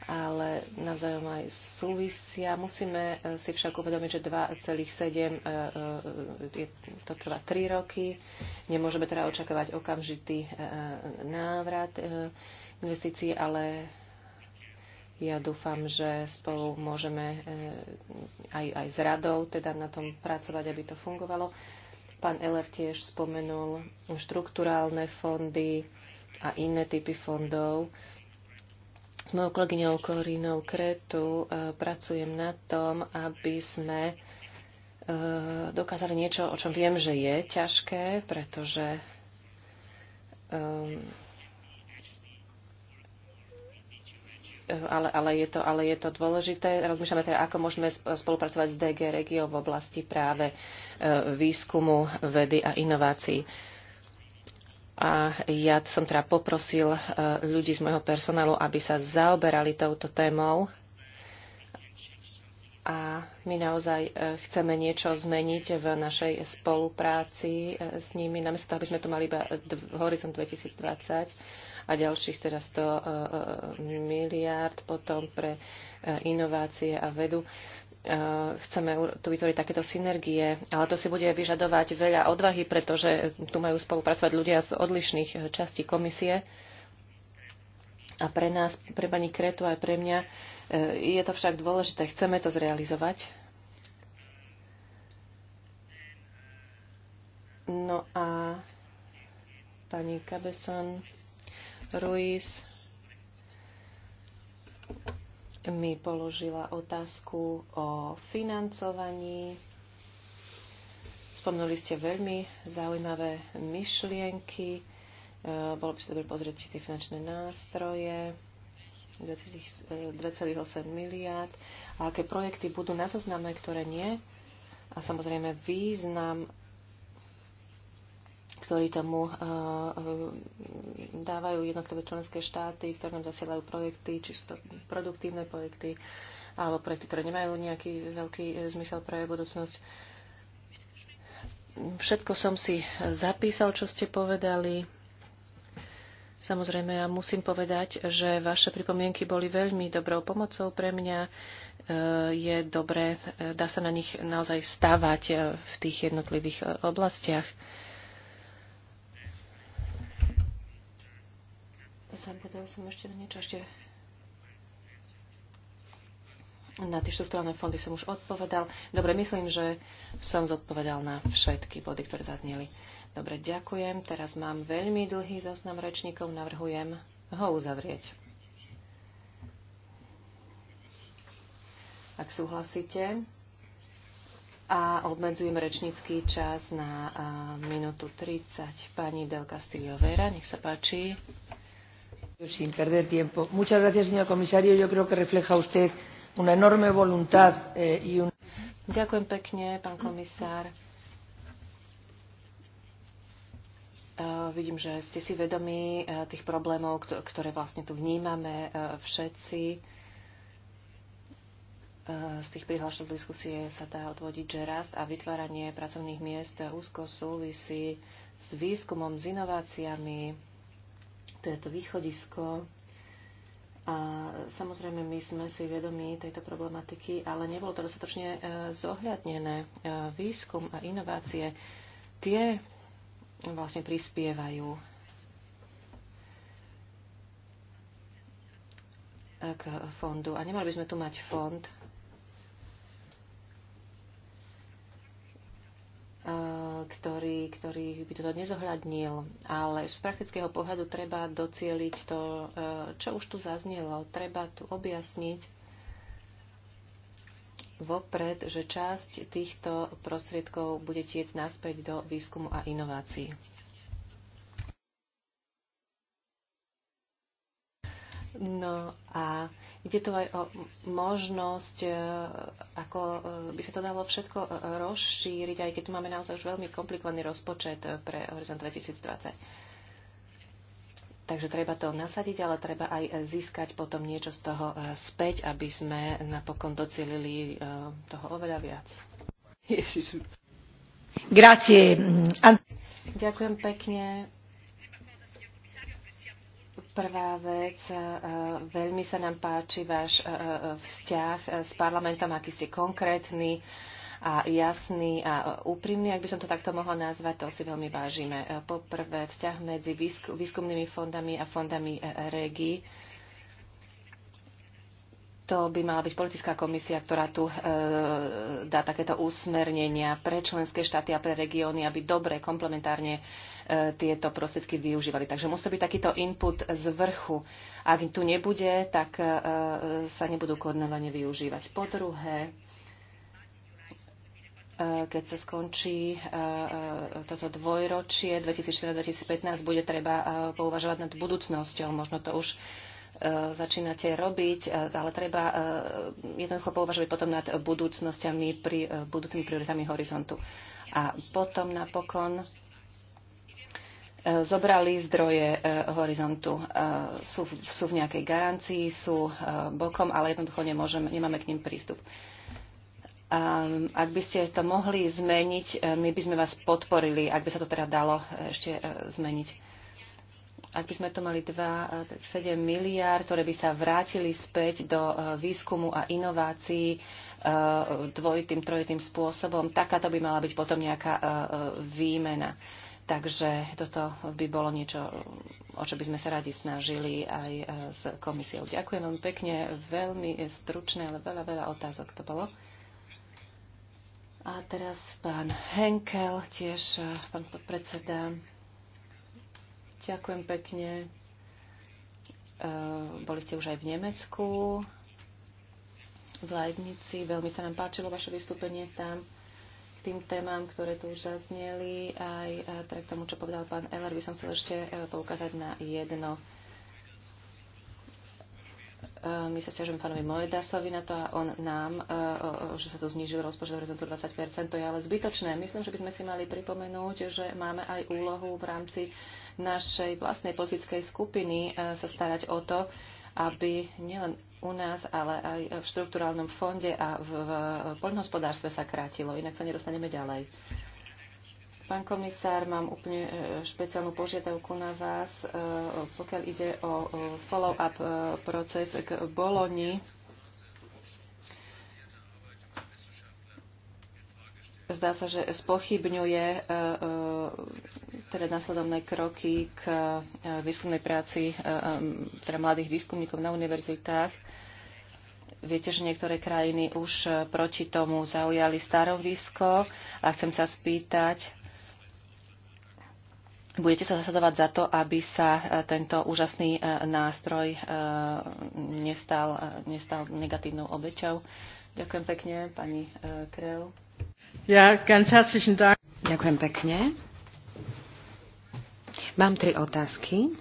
ale navzájom aj súvisia. Musíme e, si však uvedomiť, že 2,7 e, e, to trvá 3 roky. Nemôžeme teda očakávať okamžitý návrat investícií, ale ja dúfam, že spolu môžeme aj, aj s radou teda na tom pracovať, aby to fungovalo. Pán Eller tiež spomenul štruktúrálne fondy a iné typy fondov mojou kolegyňou Korinou Kretu e, pracujem na tom, aby sme e, dokázali niečo, o čom viem, že je ťažké, pretože e, ale, ale, je to, ale je to dôležité. Rozmýšľame teda, ako môžeme spolupracovať s DG Regio v oblasti práve výskumu, vedy a inovácií. A ja som teda poprosil e, ľudí z môjho personálu, aby sa zaoberali touto témou. A my naozaj e, chceme niečo zmeniť v našej spolupráci e, s nimi, namiesto toho, aby sme tu mali iba Horizont 2020 a ďalších teda 100 miliárd potom pre inovácie a vedu. E, chceme tu vytvoriť takéto synergie, ale to si bude vyžadovať veľa odvahy, pretože tu majú spolupracovať ľudia z odlišných e, častí komisie. A pre nás, pre pani Kretu aj pre mňa e, je to však dôležité. Chceme to zrealizovať. No a pani Cabeson, Ruiz, mi položila otázku o financovaní. Spomnuli ste veľmi zaujímavé myšlienky. E, bolo by sa dobre pozrieť tie finančné nástroje. 2,8 miliard. A aké projekty budú na zozname, ktoré nie? A samozrejme význam ktorí tomu eh, eh, dávajú jednotlivé členské štáty, ktoré nám zasielajú projekty, či sú to produktívne projekty, alebo projekty, ktoré nemajú nejaký veľký eh, zmysel pre budúcnosť. Všetko som si zapísal, čo ste povedali. Samozrejme, ja musím povedať, že vaše pripomienky boli veľmi dobrou pomocou pre mňa. Je dobré, dá sa na nich naozaj stávať v tých jednotlivých oblastiach. povedal som ešte niečo, ešte na tie štruktúrne fondy som už odpovedal. Dobre, myslím, že som zodpovedal na všetky body, ktoré zazneli. Dobre, ďakujem. Teraz mám veľmi dlhý zoznam rečníkov. Navrhujem ho uzavrieť. Ak súhlasíte. A obmedzujem rečnícky čas na minútu 30. Pani Del Castillo Vera, nech sa páči. Sin perder tiempo. Muchas gracias, señor comisario. Yo creo que refleja usted una enorme voluntad eh, y un... Ďakujem pekne, pán komisár. Eh, vidím, že ste si vedomí eh, tých problémov, ktoré vlastne tu vnímame eh, všetci. Z tých prihlášok diskusie sa dá odvodiť, že rast a vytváranie pracovných miest úzko súvisí s výskumom, s inováciami, to je to východisko. A samozrejme, my sme si vedomi tejto problematiky, ale nebolo to dostatočne e, zohľadnené. E, výskum a inovácie, tie vlastne prispievajú e, k fondu. A nemali by sme tu mať fond, ktorý, ktorý by toto nezohľadnil. Ale z praktického pohľadu treba docieliť to, e, čo už tu zaznelo. Treba tu objasniť vopred, že časť týchto prostriedkov bude tiec naspäť do výskumu a inovácií. No a ide tu aj o možnosť, e, ako e, by sa to dalo všetko e, rozšíriť, aj keď tu máme naozaj už veľmi komplikovaný rozpočet pre Horizon 2020. Takže treba to nasadiť, ale treba aj získať potom niečo z toho späť, aby sme napokon docelili toho oveľa viac. Ježiš. Grazie. Ďakujem pekne. Prvá vec, e, veľmi sa nám páči váš e, e, vzťah s parlamentom, aký ste konkrétny a jasný a úprimný, ak by som to takto mohla nazvať, to si veľmi vážime. Poprvé, vzťah medzi výskumnými fondami a fondami REGI. To by mala byť politická komisia, ktorá tu dá takéto úsmernenia pre členské štáty a pre regióny, aby dobre komplementárne E, tieto prostriedky využívali. Takže musí byť takýto input z vrchu. Ak tu nebude, tak e, e, sa nebudú koordinovane využívať. Po druhé, keď sa skončí toto dvojročie 2014-2015, bude treba pouvažovať nad budúcnosťou. Možno to už začínate robiť, ale treba jednoducho pouvažovať potom nad budúcnosťami, pri budúcimi prioritami horizontu. A potom napokon zobrali zdroje e, horizontu. E, sú, sú v nejakej garancii, sú e, bokom, ale jednoducho nemôžem, nemáme k ním prístup. Ak by ste to mohli zmeniť, my by sme vás podporili, ak by sa to teda dalo ešte zmeniť. Ak by sme to mali 2,7 miliárd, ktoré by sa vrátili späť do výskumu a inovácií dvojitým, trojitým spôsobom, takáto by mala byť potom nejaká výmena. Takže toto by bolo niečo, o čo by sme sa radi snažili aj e, s komisiou. Ďakujem veľmi pekne, veľmi stručné, ale veľa, veľa otázok to bolo. A teraz pán Henkel, tiež e, pán podpredseda. Ďakujem pekne. E, boli ste už aj v Nemecku, v Leibnici. Veľmi sa nám páčilo vaše vystúpenie tam tým témam, ktoré tu už zazneli, aj teda k tomu, čo povedal pán Eller, by som chcel ešte e, poukázať na jedno. E, my sa stiažujeme pánovi Moedasovi na to a on nám, e, že sa tu znížil rozpočet horizontu 20 to je ale zbytočné. Myslím, že by sme si mali pripomenúť, že máme aj úlohu v rámci našej vlastnej politickej skupiny sa starať o to, aby nielen u nás, ale aj v štruktúrálnom fonde a v, v poľnohospodárstve sa krátilo. Inak sa nedostaneme ďalej. Pán komisár, mám úplne e, špeciálnu požiadavku na vás, e, pokiaľ ide o follow-up e, proces k Boloni zdá sa, že spochybňuje e, e, teda následovné kroky k e, výskumnej práci teda mladých výskumníkov na univerzitách. Viete, že niektoré krajiny už proti tomu zaujali starovisko a chcem sa spýtať, budete sa zasadzovať za to, aby sa tento úžasný nástroj nestal, nestal negatívnou obeťou? Ďakujem pekne, pani Kreu. Ja, ganz herzlichen Dank. Ďakujem pekne. Mám tri otázky.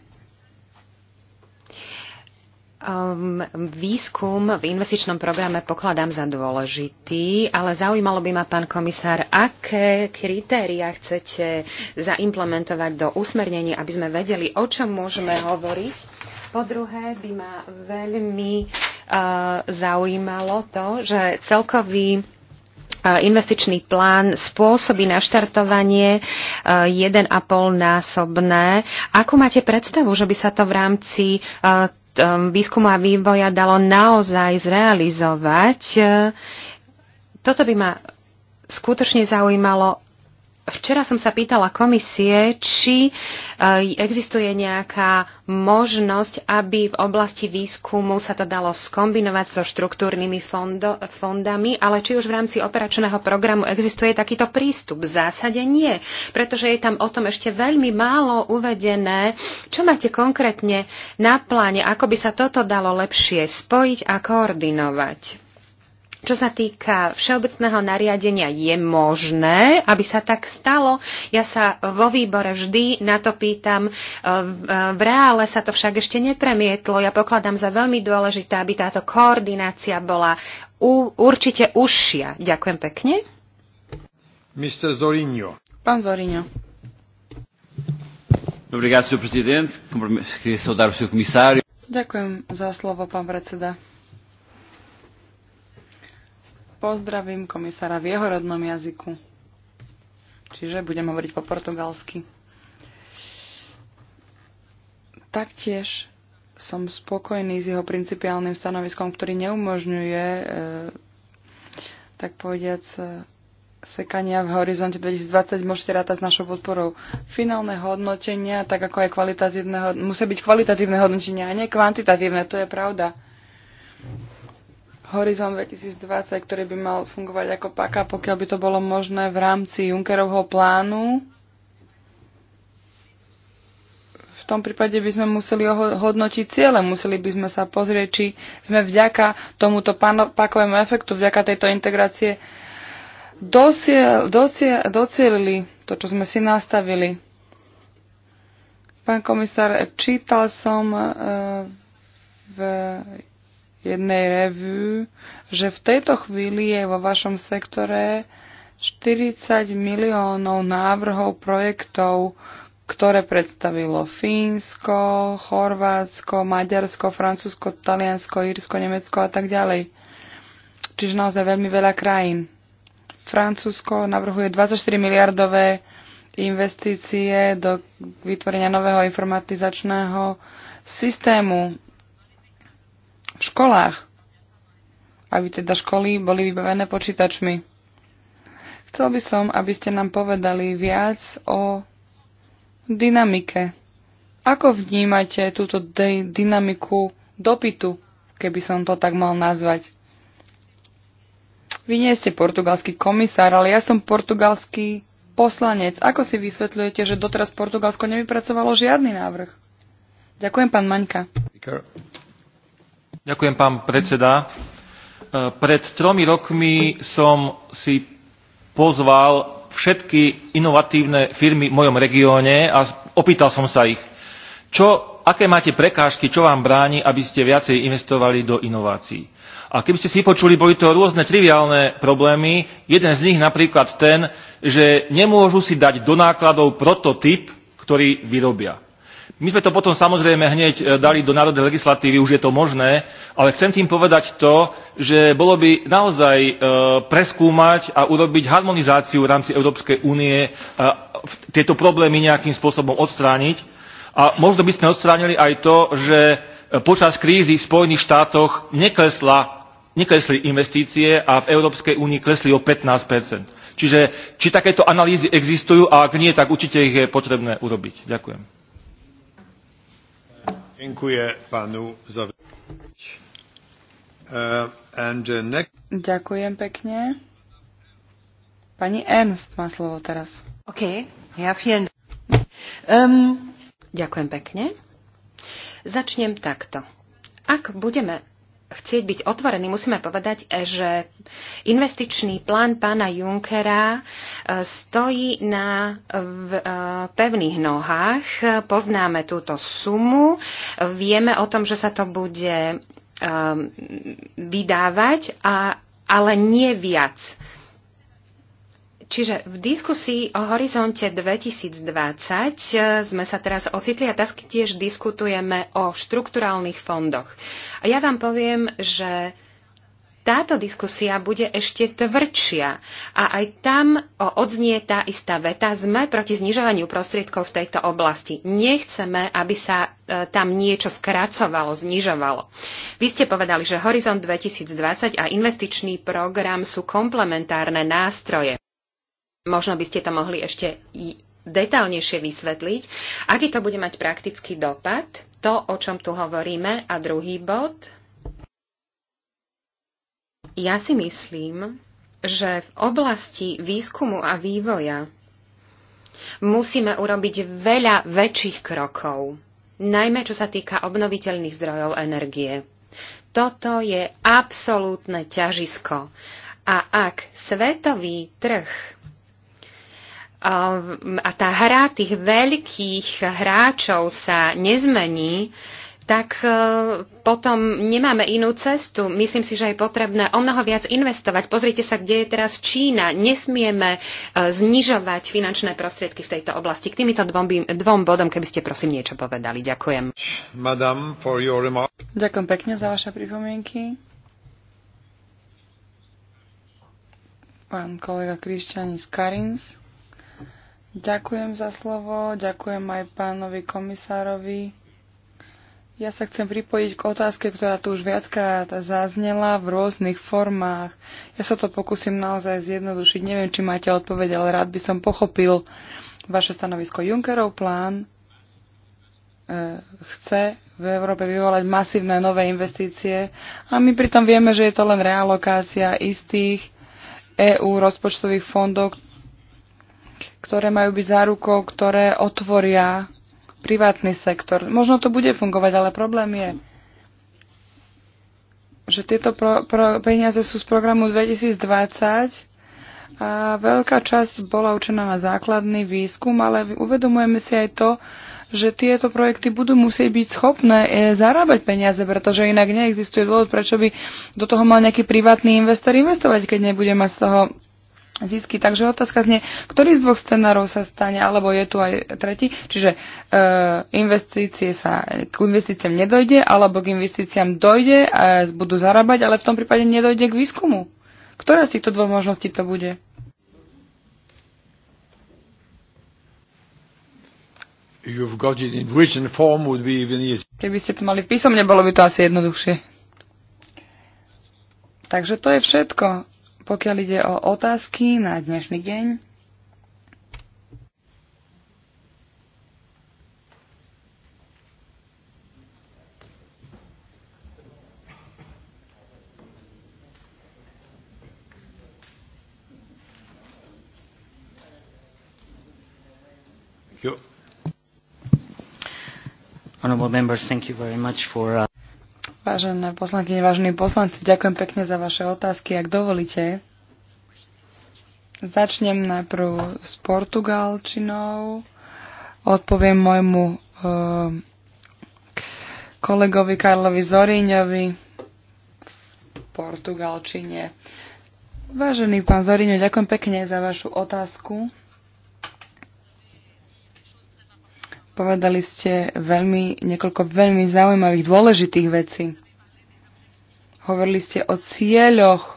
Um, výskum v investičnom programe pokladám za dôležitý, ale zaujímalo by ma, pán komisár, aké kritéria chcete zaimplementovať do usmernení, aby sme vedeli, o čom môžeme hovoriť. Po druhé by ma veľmi uh, zaujímalo to, že celkový investičný plán spôsobí naštartovanie 1,5 e, násobné. Ako máte predstavu, že by sa to v rámci e, výskumu a vývoja dalo naozaj zrealizovať? E, toto by ma skutočne zaujímalo, Včera som sa pýtala komisie, či e, existuje nejaká možnosť, aby v oblasti výskumu sa to dalo skombinovať so štruktúrnymi fondo, fondami, ale či už v rámci operačného programu existuje takýto prístup. V zásade nie, pretože je tam o tom ešte veľmi málo uvedené. Čo máte konkrétne na pláne, ako by sa toto dalo lepšie spojiť a koordinovať? Čo sa týka všeobecného nariadenia, je možné, aby sa tak stalo. Ja sa vo výbore vždy na to pýtam. E, e, v reále sa to však ešte nepremietlo. Ja pokladám za veľmi dôležité, aby táto koordinácia bola určite užšia. Ďakujem pekne. Mr. Zorinho. Pán Zorinho. Obrigado, Presidente. Queria saudar o Comissário. Ďakujem za slovo, pán predseda pozdravím komisára v jeho rodnom jazyku. Čiže budem hovoriť po portugalsky. Taktiež som spokojný s jeho principiálnym stanoviskom, ktorý neumožňuje, e, tak povediac, e, sekania v horizonte 2020 môžete rátať s našou podporou. Finálne hodnotenia, tak ako aj kvalitatívne, musia byť kvalitatívne hodnotenia a nie kvantitatívne, to je pravda. Horizon 2020, ktorý by mal fungovať ako paka, pokiaľ by to bolo možné v rámci Junckerovho plánu. V tom prípade by sme museli hodnotiť ciele, museli by sme sa pozrieť, či sme vďaka tomuto pakovému efektu, vďaka tejto integrácie dosiel, dosiel, docielili to, čo sme si nastavili. Pán komisár, čítal som eh, v jednej revue, že v tejto chvíli je vo vašom sektore 40 miliónov návrhov projektov, ktoré predstavilo Fínsko, Chorvátsko, Maďarsko, Francúzsko, Taliansko, Írsko, Nemecko a tak ďalej. Čiže naozaj veľmi veľa krajín. Francúzsko navrhuje 24 miliardové investície do vytvorenia nového informatizačného systému v školách, aby teda školy boli vybavené počítačmi. Chcel by som, aby ste nám povedali viac o dynamike. Ako vnímate túto dynamiku dopytu, keby som to tak mal nazvať? Vy nie ste portugalský komisár, ale ja som portugalský poslanec. Ako si vysvetľujete, že doteraz Portugalsko nevypracovalo žiadny návrh? Ďakujem, pán Maňka. Ďakujem, pán predseda. E, pred tromi rokmi som si pozval všetky inovatívne firmy v mojom regióne a opýtal som sa ich, čo, aké máte prekážky, čo vám bráni, aby ste viacej investovali do inovácií. A keby ste si počuli, boli to rôzne triviálne problémy. Jeden z nich napríklad ten, že nemôžu si dať do nákladov prototyp, ktorý vyrobia. My sme to potom samozrejme hneď e, dali do národnej legislatívy, už je to možné, ale chcem tým povedať to, že bolo by naozaj e, preskúmať a urobiť harmonizáciu v rámci Európskej únie, e, tieto problémy nejakým spôsobom odstrániť. A možno by sme odstránili aj to, že počas krízy v Spojených štátoch neklesla, neklesli investície a v Európskej únii klesli o 15 Čiže či takéto analýzy existujú a ak nie, tak určite ich je potrebné urobiť. Ďakujem. E, e, ďakujem pekne. Pani Ernst má slovo teraz. OK, ja viem. Um, ďakujem pekne. Začnem takto. Ak budeme chcieť byť otvorený, musíme povedať, e, že investičný plán pána Junckera e, stojí na e, pevných nohách. Poznáme túto sumu, vieme o tom, že sa to bude vydávať, ale nie viac Čiže v diskusii o horizonte 2020 e, sme sa teraz ocitli a tiež diskutujeme o štrukturálnych fondoch. A ja vám poviem, že táto diskusia bude ešte tvrdšia a aj tam odznie tá istá veta. Sme proti znižovaniu prostriedkov v tejto oblasti. Nechceme, aby sa e, tam niečo skracovalo, znižovalo. Vy ste povedali, že Horizont 2020 a investičný program sú komplementárne nástroje. Možno by ste to mohli ešte detálnejšie vysvetliť, aký to bude mať praktický dopad, to, o čom tu hovoríme. A druhý bod. Ja si myslím, že v oblasti výskumu a vývoja musíme urobiť veľa väčších krokov, najmä čo sa týka obnoviteľných zdrojov energie. Toto je absolútne ťažisko. A ak svetový trh a tá hra tých veľkých hráčov sa nezmení, tak e, potom nemáme inú cestu. Myslím si, že je potrebné o mnoho viac investovať. Pozrite sa, kde je teraz Čína. Nesmieme e, znižovať finančné prostriedky v tejto oblasti. K týmito dvom, dvom bodom, keby ste prosím niečo povedali. Ďakujem. Madam, for your remark. Ďakujem pekne za vaše pripomienky. Pán kolega z Karins. Ďakujem za slovo, ďakujem aj pánovi komisárovi. Ja sa chcem pripojiť k otázke, ktorá tu už viackrát zaznela v rôznych formách. Ja sa to pokúsim naozaj zjednodušiť. Neviem, či máte odpoveď, ale rád by som pochopil vaše stanovisko. Junckerov plán e, chce v Európe vyvolať masívne nové investície a my pritom vieme, že je to len realokácia istých EÚ rozpočtových fondov, ktoré majú byť zárukou, ktoré otvoria privátny sektor. Možno to bude fungovať, ale problém je, že tieto pro, pro, peniaze sú z programu 2020 a veľká časť bola určená na základný výskum, ale uvedomujeme si aj to, že tieto projekty budú musieť byť schopné e, zarábať peniaze, pretože inak neexistuje dôvod, prečo by do toho mal nejaký privátny investor investovať, keď nebude mať z toho zisky. Takže otázka znie, ktorý z dvoch scenárov sa stane, alebo je tu aj tretí, čiže e, investície sa, k investíciám nedojde, alebo k investíciám dojde a budú zarábať, ale v tom prípade nedojde k výskumu. Ktorá z týchto dvoch možností to bude? You've got it in written form would be even Keby ste to mali písomne, bolo by to asi jednoduchšie. Takže to je všetko pokiaľ ide o otázky na dnešný deň. Honorable members, thank you very much for uh... Vážené poslanky, vážení poslanci, ďakujem pekne za vaše otázky. Ak dovolíte, začnem najprv s portugalčinou. Odpoviem môjmu uh, kolegovi Karlovi Zoríňovi v portugalčine. Vážený pán Zoríňo, ďakujem pekne za vašu otázku. Povedali ste veľmi, niekoľko veľmi zaujímavých, dôležitých vecí. Hovorili ste o cieľoch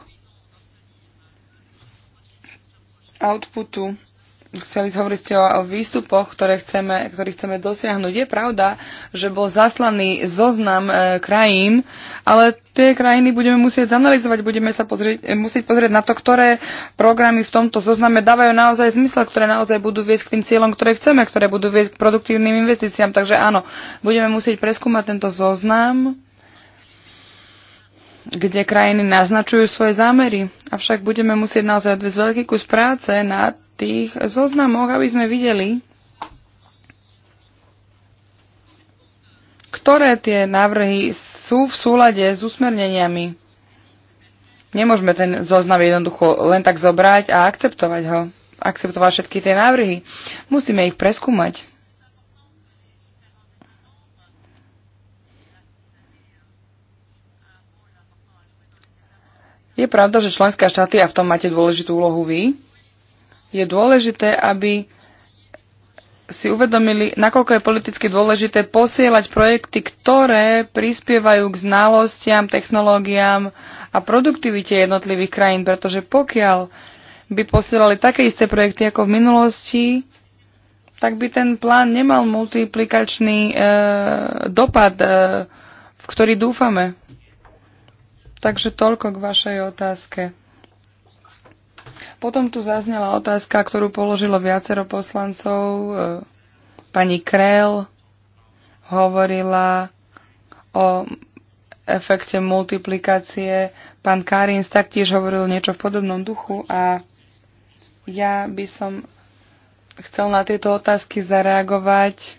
outputu chceli hovoriť ste o, výstupoch, ktoré chceme, ktorý chceme dosiahnuť. Je pravda, že bol zaslaný zoznam e, krajín, ale tie krajiny budeme musieť zanalizovať, budeme sa pozrieť, e, musieť pozrieť na to, ktoré programy v tomto zozname dávajú naozaj zmysel, ktoré naozaj budú viesť k tým cieľom, ktoré chceme, ktoré budú viesť k produktívnym investíciám. Takže áno, budeme musieť preskúmať tento zoznam kde krajiny naznačujú svoje zámery. Avšak budeme musieť naozaj odviesť veľký kus práce nad tých zoznamoch, aby sme videli, ktoré tie návrhy sú v súlade s usmerneniami. Nemôžeme ten zoznam jednoducho len tak zobrať a akceptovať ho, akceptovať všetky tie návrhy. Musíme ich preskúmať. Je pravda, že členské štáty, a v tom máte dôležitú úlohu vy, je dôležité, aby si uvedomili, nakoľko je politicky dôležité posielať projekty, ktoré prispievajú k znalostiam, technológiám a produktivite jednotlivých krajín, pretože pokiaľ by posielali také isté projekty ako v minulosti, tak by ten plán nemal multiplikačný e, dopad, e, v ktorý dúfame. Takže toľko k vašej otázke. Potom tu zaznela otázka, ktorú položilo viacero poslancov. E, pani Krell hovorila o efekte multiplikácie. Pán Karins taktiež hovoril niečo v podobnom duchu a ja by som chcel na tieto otázky zareagovať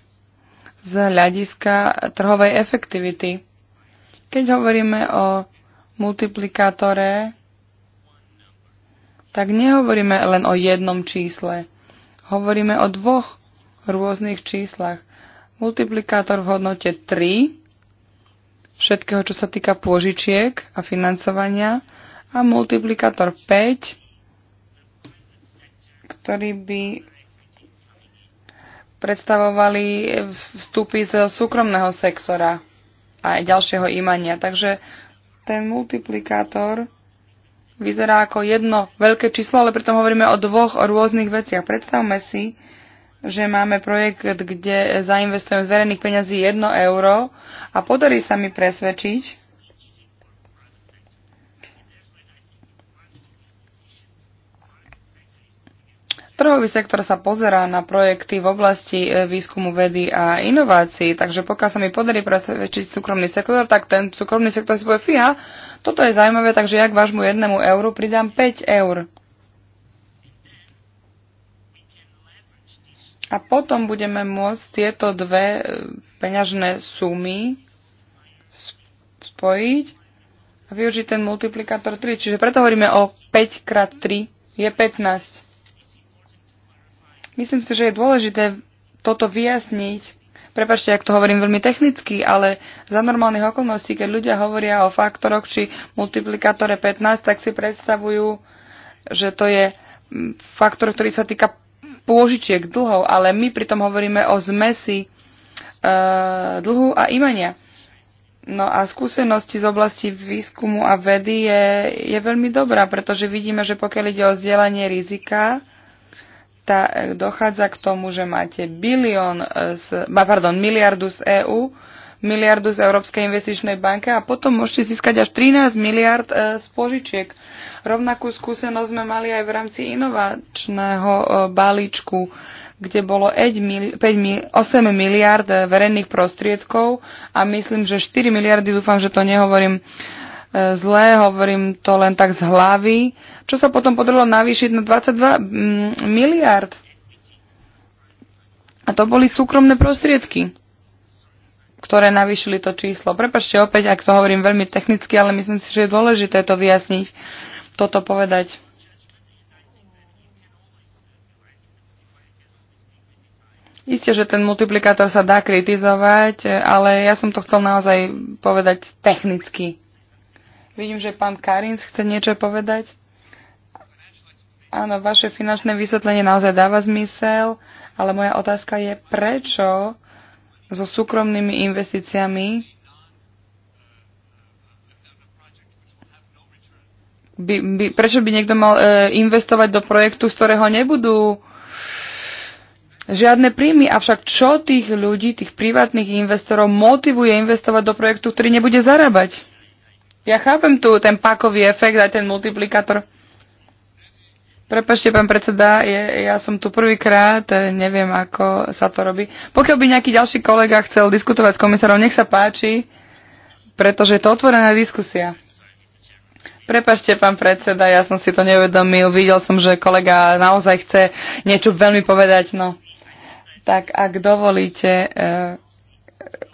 z hľadiska trhovej efektivity. Keď hovoríme o multiplikátore, tak nehovoríme len o jednom čísle. Hovoríme o dvoch rôznych číslach. Multiplikátor v hodnote 3 všetkého, čo sa týka pôžičiek a financovania a multiplikátor 5, ktorý by predstavovali vstupy z súkromného sektora a ďalšieho imania. Takže ten multiplikátor vyzerá ako jedno veľké číslo, ale pritom hovoríme o dvoch rôznych veciach. Predstavme si, že máme projekt, kde zainvestujem z verejných peňazí 1 euro a podarí sa mi presvedčiť, Trhový sektor sa pozerá na projekty v oblasti e, výskumu vedy a inovácií, takže pokiaľ sa mi podarí presvedčiť súkromný sektor, tak ten súkromný sektor si povie, fíha, toto je zaujímavé, takže ja k vášmu jednému euru pridám 5 eur. A potom budeme môcť tieto dve e, peňažné sumy spojiť a využiť ten multiplikátor 3. Čiže preto hovoríme o 5 krát 3 je 15. Myslím si, že je dôležité toto vyjasniť, Prepačte, ak to hovorím veľmi technicky, ale za normálnych okolností, keď ľudia hovoria o faktoroch či multiplikátore 15, tak si predstavujú, že to je mm, faktor, ktorý sa týka pôžičiek, dlhov, ale my pritom hovoríme o zmesi e, dlhu a imania. No a skúsenosti z oblasti výskumu a vedy je, je veľmi dobrá, pretože vidíme, že pokiaľ ide o vzdelanie rizika, tá, eh, dochádza k tomu, že máte bilión eh, z, pardon, miliardu z EÚ, miliardu z Európskej investičnej banky a potom môžete získať až 13 miliard eh, z požičiek. Rovnakú skúsenosť sme mali aj v rámci inovačného balíčku, kde bolo 8 miliard verejných prostriedkov a myslím, že 4 miliardy, dúfam, že to nehovorím zlé, hovorím to len tak z hlavy, čo sa potom podarilo navýšiť na 22 mm, miliard. A to boli súkromné prostriedky, ktoré navýšili to číslo. Prepačte opäť, ak to hovorím veľmi technicky, ale myslím si, že je dôležité to vyjasniť, toto povedať. Isté, že ten multiplikátor sa dá kritizovať, ale ja som to chcel naozaj povedať technicky. Vidím, že pán Karins chce niečo povedať. Áno, vaše finančné vysvetlenie naozaj dáva zmysel, ale moja otázka je, prečo so súkromnými investíciami by, by, prečo by niekto mal e, investovať do projektu, z ktorého nebudú žiadne príjmy. Avšak čo tých ľudí, tých privátnych investorov motivuje investovať do projektu, ktorý nebude zarábať? Ja chápem tu ten pákový efekt a ten multiplikátor. Prepašte, pán predseda, je, ja som tu prvýkrát, neviem, ako sa to robí. Pokiaľ by nejaký ďalší kolega chcel diskutovať s komisárom, nech sa páči, pretože je to otvorená diskusia. Prepašte, pán predseda, ja som si to neuvedomil. Videl som, že kolega naozaj chce niečo veľmi povedať. No. Tak ak dovolíte, uh,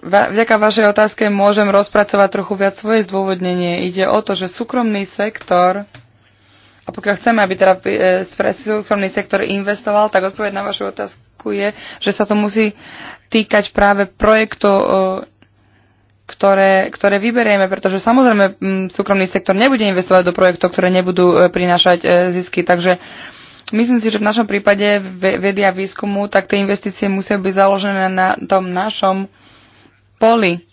Vďaka vašej otázke môžem rozpracovať trochu viac svoje zdôvodnenie. Ide o to, že súkromný sektor, a pokiaľ chceme, aby teda e, súkromný sektor investoval, tak odpoveď na vašu otázku je, že sa to musí týkať práve projektov, e, ktoré, ktoré vyberieme, pretože samozrejme súkromný sektor nebude investovať do projektov, ktoré nebudú e, prinášať zisky. Takže Myslím si, že v našom prípade vedia výskumu, tak tie investície musia byť založené na tom našom poli,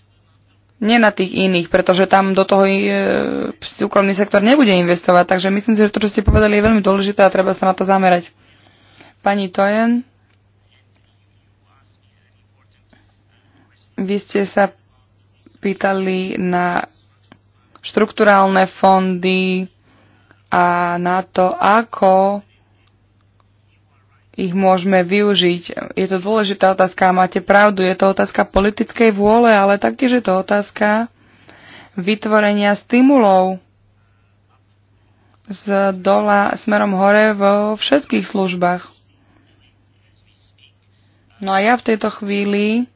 nie na tých iných, pretože tam do toho e, súkromný sektor nebude investovať. Takže myslím si, že to, čo ste povedali, je veľmi dôležité a treba sa na to zamerať. Pani Tojen, vy ste sa pýtali na štruktúrálne fondy a na to, ako ich môžeme využiť. Je to dôležitá otázka a máte pravdu. Je to otázka politickej vôle, ale taktiež je to otázka vytvorenia stimulov z dola smerom hore vo všetkých službách. No a ja v tejto chvíli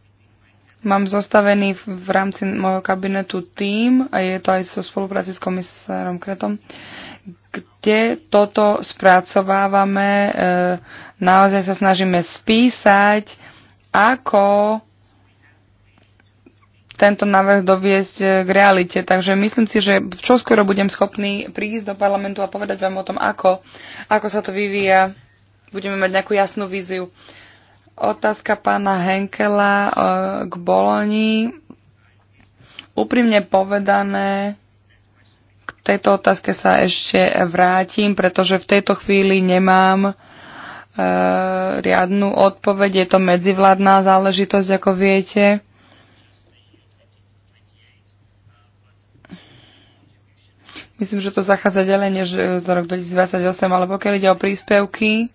mám zostavený v rámci môjho kabinetu tým, a je to aj so spolupráci s komisárom Kretom, kde toto spracovávame, e, naozaj sa snažíme spísať, ako tento návrh doviesť e, k realite. Takže myslím si, že čo skoro budem schopný prísť do parlamentu a povedať vám o tom, ako, ako sa to vyvíja. Budeme mať nejakú jasnú víziu. Otázka pána Henkela e, k Boloni. Úprimne povedané, tejto otázke sa ešte vrátim, pretože v tejto chvíli nemám e, riadnu odpoveď. Je to medzivládna záležitosť, ako viete. Myslím, že to zachádza ďalej než e, za rok 2028, ale pokiaľ ide o príspevky,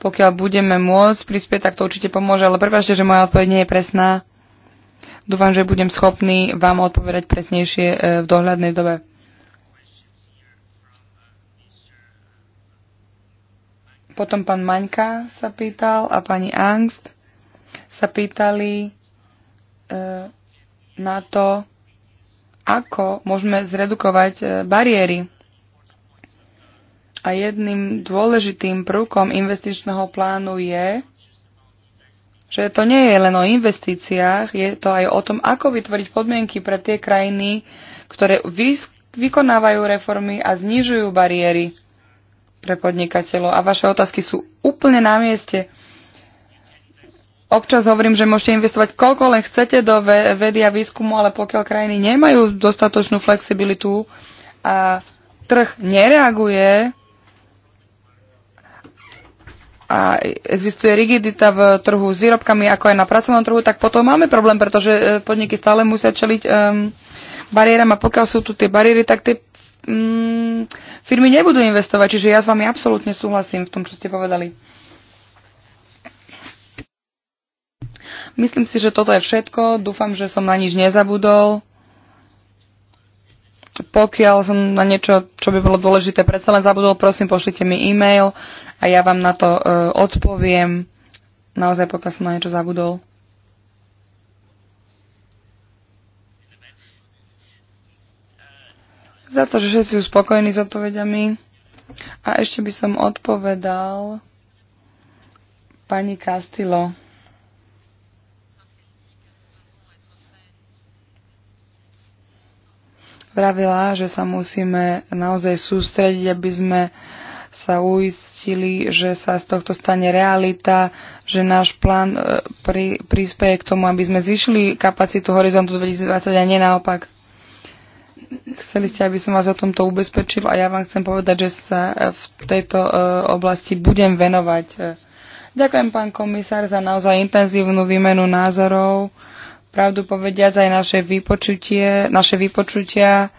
pokiaľ budeme môcť prispieť, tak to určite pomôže, ale prepáčte, že moja odpoveď nie je presná. Dúfam, že budem schopný vám odpovedať presnejšie e, v dohľadnej dobe. Potom pán Maňka sa pýtal a pani Angst sa pýtali e, na to, ako môžeme zredukovať e, bariéry. A jedným dôležitým prvkom investičného plánu je, že to nie je len o investíciách, je to aj o tom, ako vytvoriť podmienky pre tie krajiny, ktoré vykonávajú reformy a znižujú bariéry pre podnikateľov a vaše otázky sú úplne na mieste. Občas hovorím, že môžete investovať koľko len chcete do vedy a výskumu, ale pokiaľ krajiny nemajú dostatočnú flexibilitu a trh nereaguje a existuje rigidita v trhu s výrobkami, ako aj na pracovnom trhu, tak potom máme problém, pretože eh, podniky stále musia čeliť um, bariéram a pokiaľ sú tu tie bariéry, tak tie mm, firmy nebudú investovať, čiže ja s vami absolútne súhlasím v tom, čo ste povedali. Myslím si, že toto je všetko. Dúfam, že som na nič nezabudol. Pokiaľ som na niečo, čo by bolo dôležité, predsa len zabudol, prosím, pošlite mi e-mail a ja vám na to uh, odpoviem. Naozaj, pokiaľ som na niečo zabudol. za to, že všetci sú spokojní s odpovediami. A ešte by som odpovedal pani Castillo. Pravila, že sa musíme naozaj sústrediť, aby sme sa uistili, že sa z tohto stane realita, že náš plán eh, pri, prispieje k tomu, aby sme zvyšili kapacitu horizontu 2020 a nie naopak. Chceli ste, aby som vás o tomto ubezpečil a ja vám chcem povedať, že sa e, v tejto e, oblasti budem venovať. E, ďakujem, pán komisár, za naozaj intenzívnu výmenu názorov. Pravdu povediac, aj naše, vypočutie, naše vypočutia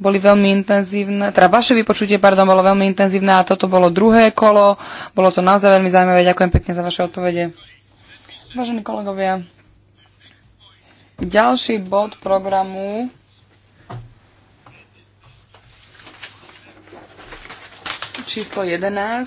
boli veľmi intenzívne, teda vaše vypočutie, pardon, bolo veľmi intenzívne a toto bolo druhé kolo. Bolo to naozaj veľmi zaujímavé. Ďakujem pekne za vaše odpovede. Vážení kolegovia, ďalší bod programu číslo 11.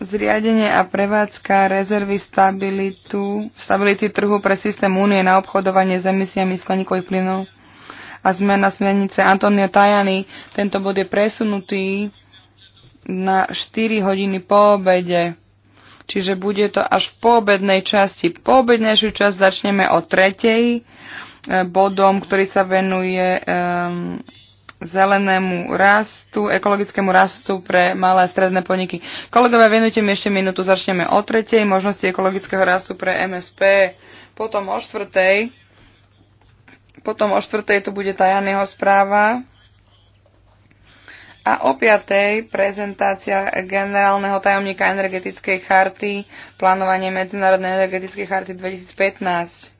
Zriadenie a prevádzka rezervy stabilitu, stability trhu pre systém únie na obchodovanie s emisiami skleníkových plynov a zmena smernice Antonio Tajany. Tento bod je presunutý na 4 hodiny po obede. Čiže bude to až v poobednej časti. Poobednejšiu časť začneme o tretej eh, bodom, ktorý sa venuje um, zelenému rastu, ekologickému rastu pre malé a stredné podniky. Kolegovia, venujte mi ešte minútu, začneme o tretej možnosti ekologického rastu pre MSP, potom o štvrtej, potom o štvrtej tu bude Tajanyho správa a o piatej prezentácia generálneho tajomníka energetickej charty, plánovanie Medzinárodnej energetickej charty 2015.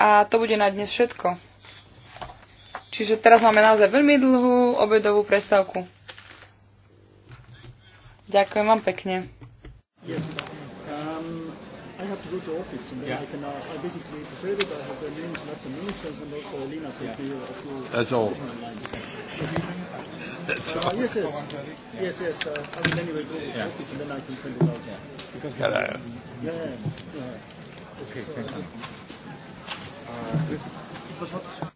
A to bude na dnes všetko. Čiže teraz máme naozaj veľmi dlhú obedovú prestávku. Ďakujem vám pekne. Yes. Um, I have to go to office and then yeah. I can uh, I basically prefer it. I have the names of the ministers and also the Linas yeah. of the of That's all. <laughs> That's uh, all. Yes, yes. Yes, yes. Uh, I will anyway go to yeah. office and then I can send it out. Yeah. Because yeah. yeah, yeah. Okay, so, thank you. Uh, this was what